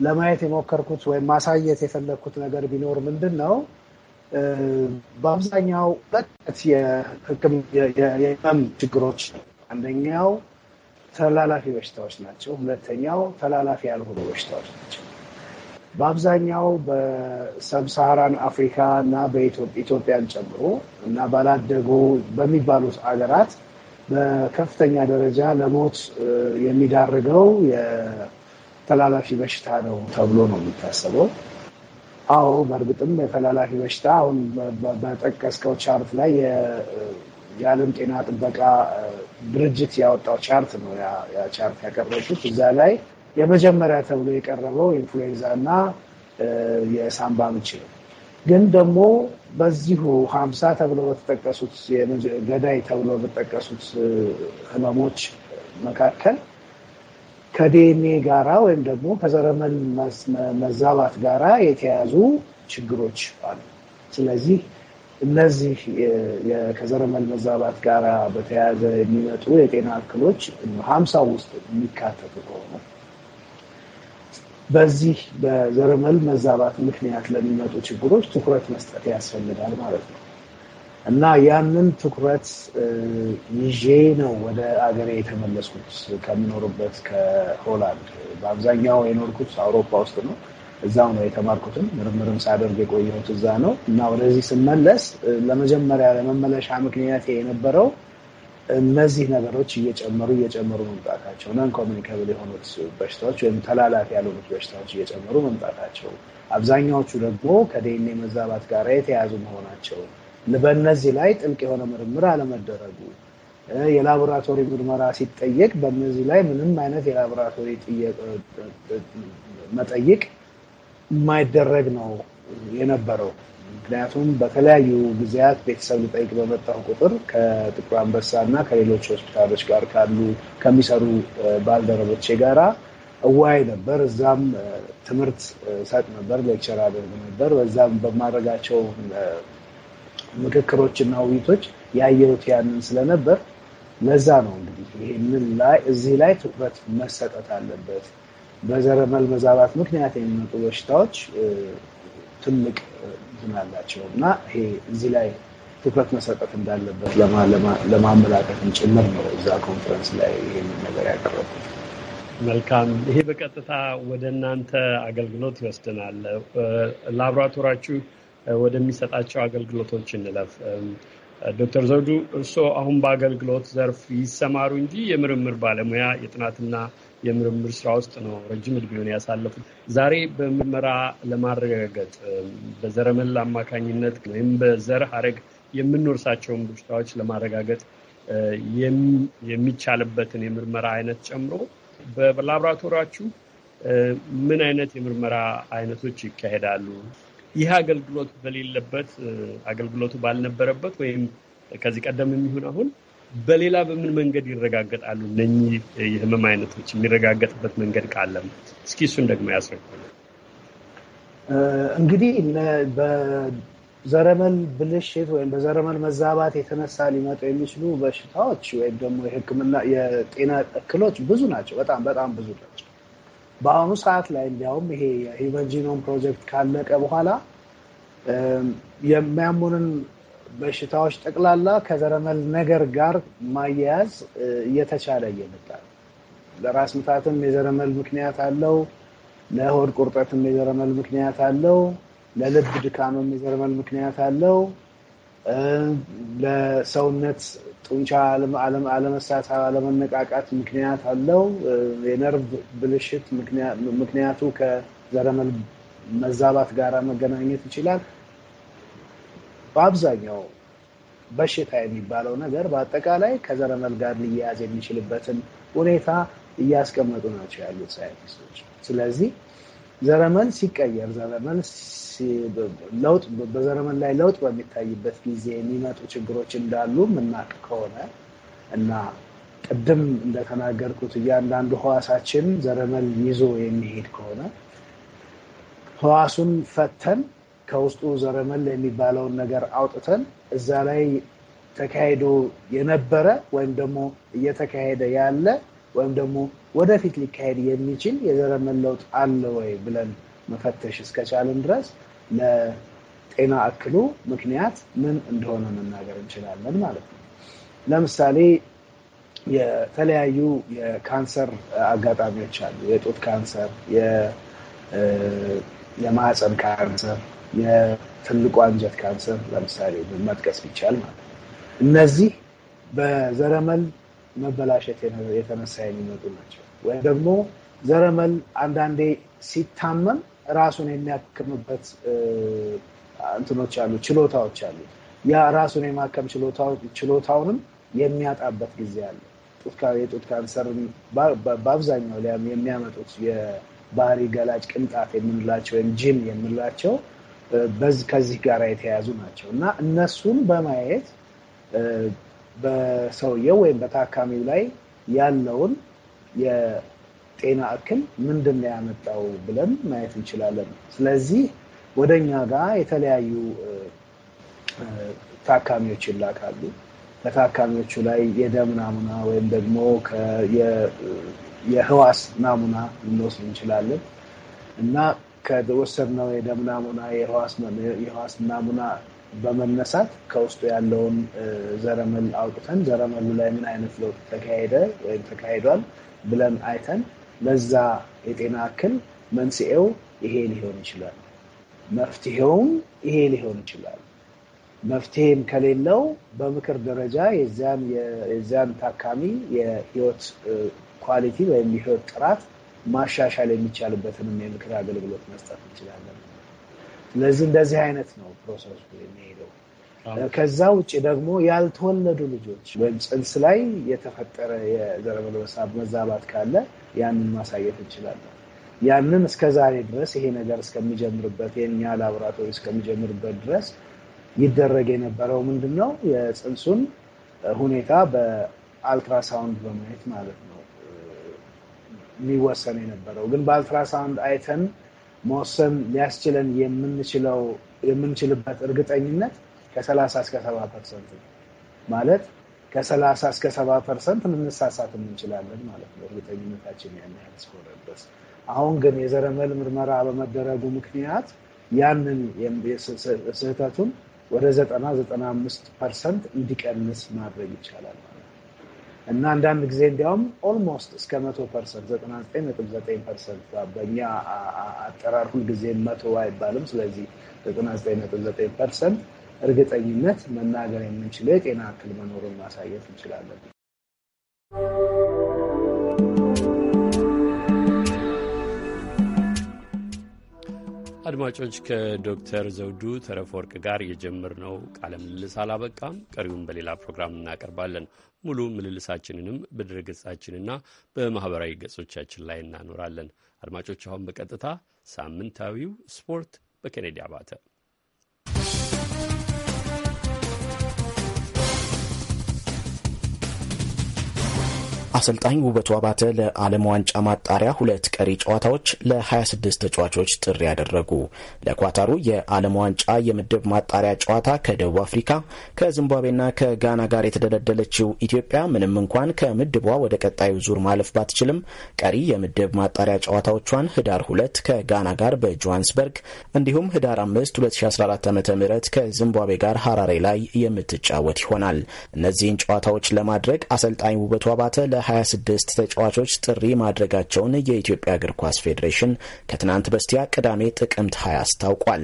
ለማየት የሞከርኩት ወይም ማሳየት የፈለግኩት ነገር ቢኖር ምንድን ነው በአብዛኛው ሁለት የህመም ችግሮች አንደኛው ተላላፊ በሽታዎች ናቸው። ሁለተኛው ተላላፊ ያልሆኑ በሽታዎች ናቸው። በአብዛኛው በሰብሳራን አፍሪካ እና በኢትዮጵያን ጨምሮ እና ባላደጉ በሚባሉት አገራት በከፍተኛ ደረጃ ለሞት የሚዳርገው የተላላፊ በሽታ ነው ተብሎ ነው የሚታሰበው። አዎ በእርግጥም የተላላፊ በሽታ አሁን በጠቀስከው ቻርት ላይ የዓለም ጤና ጥበቃ ድርጅት ያወጣው ቻርት ነው ያ ቻርት ያቀረቡት እዛ ላይ የመጀመሪያ ተብሎ የቀረበው ኢንፍሉዌንዛ እና የሳምባ ምች ነው። ግን ደግሞ በዚሁ ሀምሳ ተብሎ በተጠቀሱት ገዳይ ተብሎ በተጠቀሱት ህመሞች መካከል ከዴኔ ጋራ ወይም ደግሞ ከዘረመል መዛባት ጋራ የተያዙ ችግሮች አሉ። ስለዚህ እነዚህ ከዘረመል መዛባት ጋራ በተያያዘ የሚመጡ የጤና እክሎች ሀምሳው ውስጥ የሚካተቱ ከሆነ በዚህ በዘረመል መዛባት ምክንያት ለሚመጡ ችግሮች ትኩረት መስጠት ያስፈልጋል ማለት ነው እና ያንን ትኩረት ይዤ ነው ወደ አገሬ የተመለስኩት። ከምኖርበት ከሆላንድ በአብዛኛው የኖርኩት አውሮፓ ውስጥ ነው። እዛው ነው የተማርኩትም ምርምርም ሳደርግ የቆየሁት እዛ ነው እና ወደዚህ ስመለስ ለመጀመሪያ ለመመለሻ ምክንያት የነበረው እነዚህ ነገሮች እየጨመሩ እየጨመሩ መምጣታቸው ናን ኮሚኒካብል የሆኑት በሽታዎች ወይም ተላላፊ ያልሆኑት በሽታዎች እየጨመሩ መምጣታቸው፣ አብዛኛዎቹ ደግሞ ከዲኤንኤ መዛባት ጋር የተያያዙ መሆናቸው፣ በእነዚህ ላይ ጥልቅ የሆነ ምርምር አለመደረጉ፣ የላቦራቶሪ ምርመራ ሲጠየቅ በእነዚህ ላይ ምንም አይነት የላቦራቶሪ መጠይቅ የማይደረግ ነው የነበረው። ምክንያቱም በተለያዩ ጊዜያት ቤተሰብ ልጠይቅ በመጣው ቁጥር ከጥቁር አንበሳ እና ከሌሎች ሆስፒታሎች ጋር ካሉ ከሚሰሩ ባልደረቦቼ ጋራ እዋይ ነበር። እዛም ትምህርት ሰጥ ነበር፣ ሌክቸር አደርግ ነበር። በዛም በማድረጋቸው ምክክሮች እና ውይይቶች ያየሁት ያንን ስለነበር ለዛ ነው እንግዲህ ይህንን ላይ እዚህ ላይ ትኩረት መሰጠት አለበት። በዘረመል መዛባት ምክንያት የሚመጡ በሽታዎች ትልቅ እንትን አላቸው እና ይሄ እዚህ ላይ ትኩረት መሰጠት እንዳለበት ለማመላከትም ጭምር ነው እዛ ኮንፈረንስ ላይ ይህን ነገር ያቀረቡት። መልካም። ይሄ በቀጥታ ወደ እናንተ አገልግሎት ይወስደናል። ላብራቶራችሁ ወደሚሰጣቸው አገልግሎቶች እንለፍ። ዶክተር ዘውዱ እርስዎ አሁን በአገልግሎት ዘርፍ ይሰማሩ እንጂ የምርምር ባለሙያ የጥናትና የምርምር ስራ ውስጥ ነው ረጅም እድሜውን ያሳለፉት። ዛሬ በምርመራ ለማረጋገጥ በዘረመል አማካኝነት ወይም በዘር ሀረግ የምንወርሳቸውን በሽታዎች ለማረጋገጥ የሚቻልበትን የምርመራ አይነት ጨምሮ በላብራቶሪያችሁ ምን አይነት የምርመራ አይነቶች ይካሄዳሉ? ይህ አገልግሎት በሌለበት አገልግሎቱ ባልነበረበት ወይም ከዚህ ቀደም የሚሆን አሁን በሌላ በምን መንገድ ይረጋገጣሉ? እነኚህ የህመም አይነቶች የሚረጋገጥበት መንገድ ካለም እስኪ እሱን ደግሞ ያስረኩ። እንግዲህ በዘረመል ብልሽት ወይም በዘረመል መዛባት የተነሳ ሊመጡ የሚችሉ በሽታዎች ወይም ደግሞ የህክምና የጤና እክሎች ብዙ ናቸው። በጣም በጣም ብዙ ናቸው። በአሁኑ ሰዓት ላይ እንዲያውም ይሄ የሂውመን ጂኖም ፕሮጀክት ካለቀ በኋላ የሚያሙንን በሽታዎች ጠቅላላ ከዘረመል ነገር ጋር ማያያዝ እየተቻለ እየመጣ ለራስ ምታትም የዘረመል ምክንያት አለው። ለሆድ ቁርጠትም የዘረመል ምክንያት አለው። ለልብ ድካምም የዘረመል ምክንያት አለው። ለሰውነት ጡንቻ አለመሳት አለመነቃቃት ምክንያት አለው። የነርቭ ብልሽት ምክንያቱ ከዘረመል መዛባት ጋር መገናኘት ይችላል። በአብዛኛው በሽታ የሚባለው ነገር በአጠቃላይ ከዘረመል ጋር ሊያያዝ የሚችልበትን ሁኔታ እያስቀመጡ ናቸው ያሉት ሳይንቲስቶች። ስለዚህ ዘረመል ሲቀየር ዘረመል ለውጥ በዘረመል ላይ ለውጥ በሚታይበት ጊዜ የሚመጡ ችግሮች እንዳሉ ምናቅ ከሆነ እና ቅድም እንደተናገርኩት እያንዳንዱ ህዋሳችን ዘረመል ይዞ የሚሄድ ከሆነ ህዋሱን ፈተን ከውስጡ ዘረመል የሚባለውን ነገር አውጥተን እዛ ላይ ተካሂዶ የነበረ ወይም ደግሞ እየተካሄደ ያለ ወይም ደግሞ ወደፊት ሊካሄድ የሚችል የዘረመል ለውጥ አለ ወይ ብለን መፈተሽ እስከቻልን ድረስ ለጤና እክሉ ምክንያት ምን እንደሆነ መናገር እንችላለን ማለት ነው። ለምሳሌ የተለያዩ የካንሰር አጋጣሚዎች አሉ። የጡት ካንሰር፣ የማህፀን ካንሰር የትልቁ አንጀት ካንሰር ለምሳሌ መጥቀስ ቢቻል ማለት ነው። እነዚህ በዘረመል መበላሸት የተነሳ የሚመጡ ናቸው። ወይም ደግሞ ዘረመል አንዳንዴ ሲታመም ራሱን የሚያክምበት እንትኖች አሉ፣ ችሎታዎች አሉ። ያ ራሱን የማከም ችሎታውንም የሚያጣበት ጊዜ አለ። የጡት ካንሰር በአብዛኛው የሚያመጡት የባህሪ ገላጭ ቅንጣት የምንላቸው ወይም ጅን የምንላቸው ከዚህ ጋር የተያያዙ ናቸው እና እነሱን በማየት በሰውየው ወይም በታካሚው ላይ ያለውን የጤና እክል ምንድን ነው ያመጣው ብለን ማየት እንችላለን። ስለዚህ ወደ እኛ ጋር የተለያዩ ታካሚዎች ይላካሉ። ከታካሚዎቹ ላይ የደም ናሙና ወይም ደግሞ የህዋስ ናሙና ልንወስድ እንችላለን እና ከወሰድነው የደም ናሙና የህዋስ ናሙና በመነሳት ከውስጡ ያለውን ዘረመል አውጥተን ዘረመሉ ላይ ምን አይነት ለውጥ ተካሄደ ወይም ተካሂዷል ብለን አይተን ለዛ የጤና እክል መንስኤው ይሄ ሊሆን ይችላል፣ መፍትሄውም ይሄ ሊሆን ይችላል። መፍትሄም ከሌለው በምክር ደረጃ የዚያን ታካሚ የህይወት ኳሊቲ ወይም የህይወት ጥራት ማሻሻል የሚቻልበትንም የምክር አገልግሎት መስጠት እንችላለን። ስለዚህ እንደዚህ አይነት ነው ፕሮሰሱ የሚሄደው። ከዛ ውጭ ደግሞ ያልተወለዱ ልጆች ወይም ጽንስ ላይ የተፈጠረ የዘር መዛባት ካለ ያንን ማሳየት እንችላለን። ያንን እስከ ዛሬ ድረስ ይሄ ነገር እስከሚጀምርበት የእኛ ላቦራቶሪ እስከሚጀምርበት ድረስ ይደረግ የነበረው ምንድን ነው? የጽንሱን ሁኔታ በአልትራሳውንድ በማየት ማለት ነው የሚወሰን የነበረው ግን በአልትራሳውንድ አይተን መወሰን ሊያስችለን የምንችልበት እርግጠኝነት ከ30 እስከ 70 ፐርሰንት ነው ማለት ከ30 እስከ 70 ፐርሰንት ልንሳሳት እንችላለን ማለት ነው። እርግጠኝነታችን ያን ያህል እስከሆነ ድረስ። አሁን ግን የዘረመል ምርመራ በመደረጉ ምክንያት ያንን ስህተቱን ወደ 90 95 ፐርሰንት እንዲቀንስ ማድረግ ይቻላል። እና አንዳንድ ጊዜ እንዲያውም ኦልሞስት እስከ መቶ ፐርሰንት ዘጠና ዘጠኝ ነጥብ ዘጠኝ ፐርሰንት በእኛ አጠራር ሁልጊዜ መቶ አይባልም። ስለዚህ ዘጠና ዘጠኝ ነጥብ ዘጠኝ ፐርሰንት እርግጠኝነት መናገር የምንችለው የጤና እክል መኖሩን ማሳየት እንችላለን። አድማጮች ከዶክተር ዘውዱ ተረፈወርቅ ጋር ጋር የጀመርነው ቃለ ምልልስ አላበቃም። ቀሪውን በሌላ ፕሮግራም እናቀርባለን። ሙሉ ምልልሳችንንም በድረ ገጻችንና በማኅበራዊ ገጾቻችን ላይ እናኖራለን። አድማጮች አሁን በቀጥታ ሳምንታዊው ስፖርት በኬኔዲ አባተ አሰልጣኝ ውበቱ አባተ ለዓለም ዋንጫ ማጣሪያ ሁለት ቀሪ ጨዋታዎች ለ26 ተጫዋቾች ጥሪ ያደረጉ። ለኳታሩ የዓለም ዋንጫ የምድብ ማጣሪያ ጨዋታ ከደቡብ አፍሪካ ከዚምባብዌና ከጋና ጋር የተደለደለችው ኢትዮጵያ ምንም እንኳን ከምድቧ ወደ ቀጣዩ ዙር ማለፍ ባትችልም ቀሪ የምድብ ማጣሪያ ጨዋታዎቿን ህዳር ሁለት ከጋና ጋር በጆሃንስበርግ እንዲሁም ህዳር አምስት 2014 ዓ ም ከዚምባብዌ ጋር ሀራሬ ላይ የምትጫወት ይሆናል። እነዚህን ጨዋታዎች ለማድረግ አሰልጣኝ ውበቱ አባተ 26 ተጫዋቾች ጥሪ ማድረጋቸውን የኢትዮጵያ እግር ኳስ ፌዴሬሽን ከትናንት በስቲያ ቅዳሜ ጥቅምት 20 አስታውቋል።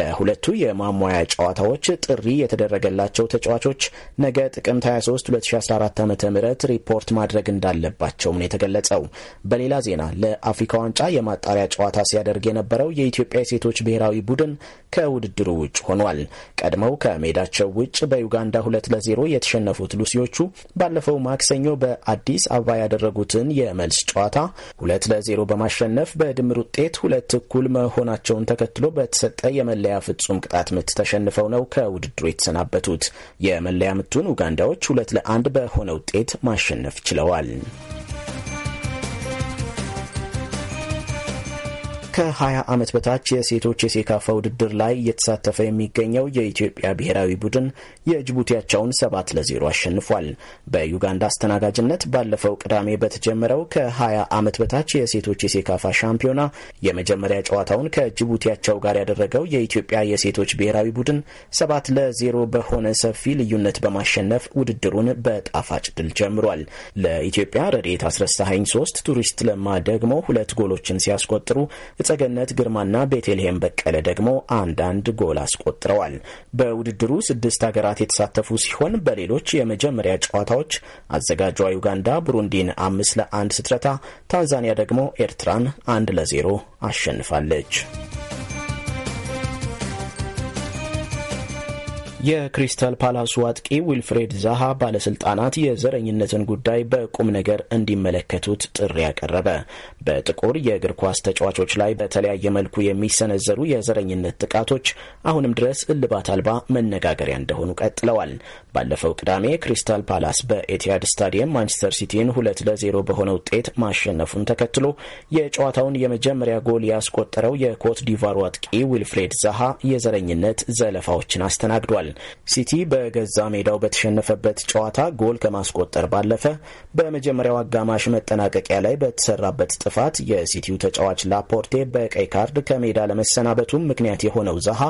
ለሁለቱ የማሟያ ጨዋታዎች ጥሪ የተደረገላቸው ተጫዋቾች ነገ ጥቅምት 23 2014 ዓ ም ሪፖርት ማድረግ እንዳለባቸውም ነው የተገለጸው። በሌላ ዜና ለአፍሪካ ዋንጫ የማጣሪያ ጨዋታ ሲያደርግ የነበረው የኢትዮጵያ የሴቶች ብሔራዊ ቡድን ከውድድሩ ውጭ ሆኗል። ቀድመው ከሜዳቸው ውጭ በዩጋንዳ 2 ለ0 የተሸነፉት ሉሲዎቹ ባለፈው ማክሰኞ በአዲስ አዲስ አበባ ያደረጉትን የመልስ ጨዋታ ሁለት ለዜሮ በማሸነፍ በድምር ውጤት ሁለት እኩል መሆናቸውን ተከትሎ በተሰጠ የመለያ ፍጹም ቅጣት ምት ተሸንፈው ነው ከውድድሩ የተሰናበቱት። የመለያ ምቱን ኡጋንዳዎች ሁለት ለአንድ በሆነ ውጤት ማሸነፍ ችለዋል። ከ20 ዓመት በታች የሴቶች የሴካፋ ውድድር ላይ እየተሳተፈ የሚገኘው የኢትዮጵያ ብሔራዊ ቡድን የጅቡቲያቸውን ሰባት ለዜሮ አሸንፏል። በዩጋንዳ አስተናጋጅነት ባለፈው ቅዳሜ በተጀመረው ከ20 ዓመት በታች የሴቶች የሴካፋ ሻምፒዮና የመጀመሪያ ጨዋታውን ከጅቡቲያቸው ጋር ያደረገው የኢትዮጵያ የሴቶች ብሔራዊ ቡድን ሰባት ለዜሮ በሆነ ሰፊ ልዩነት በማሸነፍ ውድድሩን በጣፋጭ ድል ጀምሯል። ለኢትዮጵያ ረዴት አስረሳኸኝ ሶስት ቱሪስት ለማ ደግሞ ሁለት ጎሎችን ሲያስቆጥሩ እጸገነት ግርማና ቤቴልሄም በቀለ ደግሞ አንዳንድ ጎል አስቆጥረዋል። በውድድሩ ስድስት ሀገራት የተሳተፉ ሲሆን በሌሎች የመጀመሪያ ጨዋታዎች አዘጋጇ ዩጋንዳ ቡሩንዲን አምስት ለአንድ ስትረታ፣ ታንዛኒያ ደግሞ ኤርትራን አንድ ለዜሮ አሸንፋለች። የክሪስታል ፓላሱ አጥቂ ዊልፍሬድ ዛሃ ባለስልጣናት የዘረኝነትን ጉዳይ በቁም ነገር እንዲመለከቱት ጥሪ ያቀረበ። በጥቁር የእግር ኳስ ተጫዋቾች ላይ በተለያየ መልኩ የሚሰነዘሩ የዘረኝነት ጥቃቶች አሁንም ድረስ እልባት አልባ መነጋገሪያ እንደሆኑ ቀጥለዋል። ባለፈው ቅዳሜ ክሪስታል ፓላስ በኤቲያድ ስታዲየም ማንቸስተር ሲቲን ሁለት ለዜሮ በሆነ ውጤት ማሸነፉን ተከትሎ የጨዋታውን የመጀመሪያ ጎል ያስቆጠረው የኮት ዲቫሩ አጥቂ ዊልፍሬድ ዛሃ የዘረኝነት ዘለፋዎችን አስተናግዷል። ሲቲ በገዛ ሜዳው በተሸነፈበት ጨዋታ ጎል ከማስቆጠር ባለፈ በመጀመሪያው አጋማሽ መጠናቀቂያ ላይ በተሰራበት ጥፋት የሲቲው ተጫዋች ላፖርቴ በቀይ ካርድ ከሜዳ ለመሰናበቱም ምክንያት የሆነው ዛሃ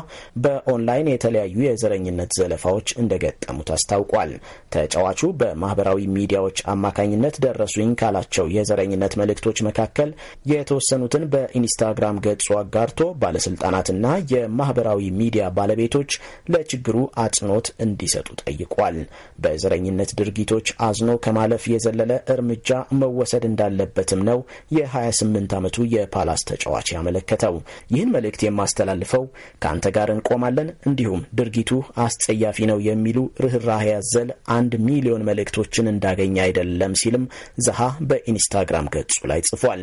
በኦንላይን የተለያዩ የዘረኝነት ዘለፋዎች እንደገጠሙት አስታውቋል። ተጫዋቹ በማህበራዊ ሚዲያዎች አማካኝነት ደረሱኝ ካላቸው የዘረኝነት መልእክቶች መካከል የተወሰኑትን በኢንስታግራም ገጹ አጋርቶ ባለስልጣናትና የማህበራዊ ሚዲያ ባለቤቶች ለችግሩ አጽንኦት እንዲሰጡ ጠይቋል። በዘረኝነት ድርጊቶች አዝኖ ከማለፍ የዘለለ እርምጃ መወሰድ እንዳለበትም ነው የ28 ዓመቱ የፓላስ ተጫዋች ያመለከተው። ይህን መልእክት የማስተላልፈው ከአንተ ጋር እንቆማለን እንዲሁም ድርጊቱ አስጸያፊ ነው የሚሉ ርኅራኄ ያዘል አንድ ሚሊዮን መልእክቶችን እንዳገኘ አይደለም ሲልም ዘሃ በኢንስታግራም ገጹ ላይ ጽፏል።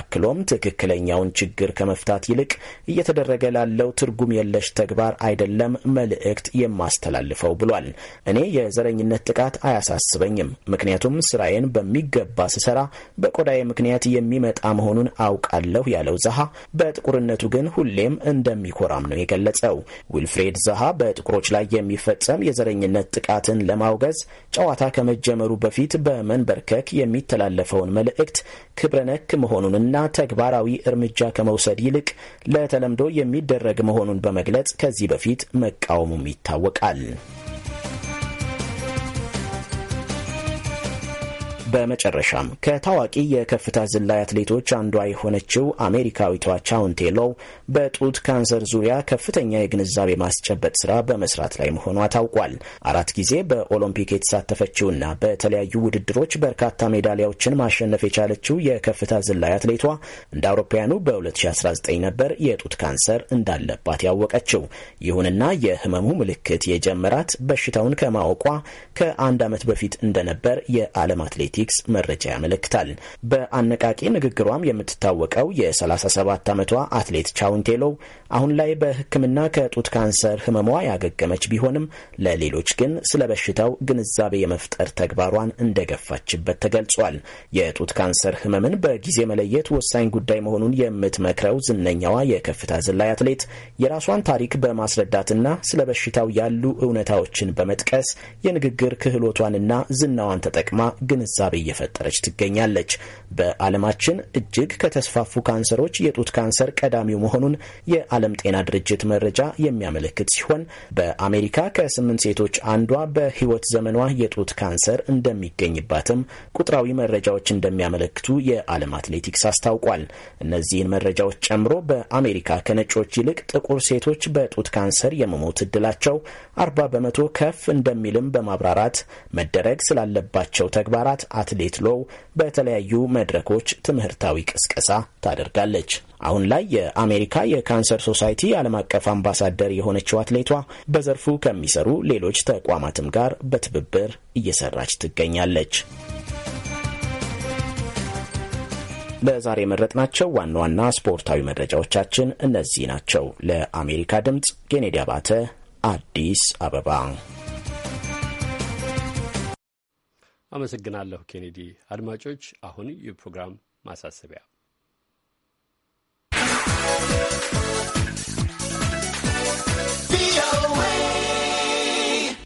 አክሎም ትክክለኛውን ችግር ከመፍታት ይልቅ እየተደረገ ላለው ትርጉም የለሽ ተግባር አይደለም መልእክት የማስተላልፈው ብሏል። እኔ የዘረኝነት ጥቃት አያሳስበኝም፣ ምክንያቱም ስራዬን በሚገባ ስሰራ በቆዳዬ ምክንያት የሚመጣ መሆኑን አውቃለሁ ያለው ዛሃ በጥቁርነቱ ግን ሁሌም እንደሚኮራም ነው የገለጸው። ዊልፍሬድ ዛሃ በጥቁሮች ላይ የሚፈጸም የዘረኝነት ጥቃትን ለማውገዝ ጨዋታ ከመጀመሩ በፊት በመንበርከክ የሚተላለፈውን መልእክት ክብረነክ መሆኑንና ተግባራዊ እርምጃ ከመውሰድ ይልቅ ለተለምዶ የሚደረግ መሆኑን በመግለጽ ከዚህ በፊት መቃወሙም ይታል ይታወቃል። በመጨረሻም ከታዋቂ የከፍታ ዝላይ አትሌቶች አንዷ የሆነችው አሜሪካዊቷ ቻውን በጡት ካንሰር ዙሪያ ከፍተኛ የግንዛቤ ማስጨበጥ ስራ በመስራት ላይ መሆኗ ታውቋል። አራት ጊዜ በኦሎምፒክ የተሳተፈችውና በተለያዩ ውድድሮች በርካታ ሜዳሊያዎችን ማሸነፍ የቻለችው የከፍታ ዝላይ አትሌቷ እንደ አውሮፓውያኑ በ2019 ነበር የጡት ካንሰር እንዳለባት ያወቀችው። ይሁንና የህመሙ ምልክት የጀመራት በሽታውን ከማወቋ ከአንድ ዓመት በፊት እንደነበር የዓለም አትሌቲክ ፊሊክስ መረጃ ያመለክታል። በአነቃቂ ንግግሯም የምትታወቀው የ37 ዓመቷ አትሌት ቻውንቴሎ አሁን ላይ በሕክምና ከጡት ካንሰር ህመሟ ያገገመች ቢሆንም ለሌሎች ግን ስለ በሽታው ግንዛቤ የመፍጠር ተግባሯን እንደገፋችበት ተገልጿል። የጡት ካንሰር ህመምን በጊዜ መለየት ወሳኝ ጉዳይ መሆኑን የምትመክረው ዝነኛዋ የከፍታ ዝላይ አትሌት የራሷን ታሪክ በማስረዳትና ስለ በሽታው ያሉ እውነታዎችን በመጥቀስ የንግግር ክህሎቷንና ዝናዋን ተጠቅማ ግንዛቤ ግንዛቤ እየፈጠረች ትገኛለች። በዓለማችን እጅግ ከተስፋፉ ካንሰሮች የጡት ካንሰር ቀዳሚው መሆኑን የዓለም ጤና ድርጅት መረጃ የሚያመለክት ሲሆን በአሜሪካ ከስምንት ሴቶች አንዷ በህይወት ዘመኗ የጡት ካንሰር እንደሚገኝባትም ቁጥራዊ መረጃዎች እንደሚያመለክቱ የዓለም አትሌቲክስ አስታውቋል። እነዚህን መረጃዎች ጨምሮ በአሜሪካ ከነጮች ይልቅ ጥቁር ሴቶች በጡት ካንሰር የመሞት እድላቸው አርባ በመቶ ከፍ እንደሚልም በማብራራት መደረግ ስላለባቸው ተግባራት አትሌት ሎው በተለያዩ መድረኮች ትምህርታዊ ቅስቀሳ ታደርጋለች። አሁን ላይ የአሜሪካ የካንሰር ሶሳይቲ ዓለም አቀፍ አምባሳደር የሆነችው አትሌቷ በዘርፉ ከሚሰሩ ሌሎች ተቋማትም ጋር በትብብር እየሰራች ትገኛለች። ለዛሬ የመረጥናቸው ዋና ዋና ስፖርታዊ መረጃዎቻችን እነዚህ ናቸው። ለአሜሪካ ድምፅ ኬኔዲ አባተ አዲስ አበባ አመሰግናለሁ ኬኔዲ። አድማጮች አሁን የፕሮግራም ማሳሰቢያ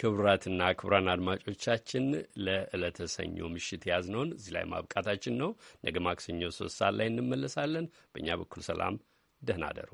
ክቡራትና ክቡራን አድማጮቻችን ለዕለተ ሰኞ ምሽት ያዝነውን እዚህ ላይ ማብቃታችን ነው። ነገ ማክሰኞ ሶስት ሰዓት ላይ እንመለሳለን። በእኛ በኩል ሰላም፣ ደህና አደሩ።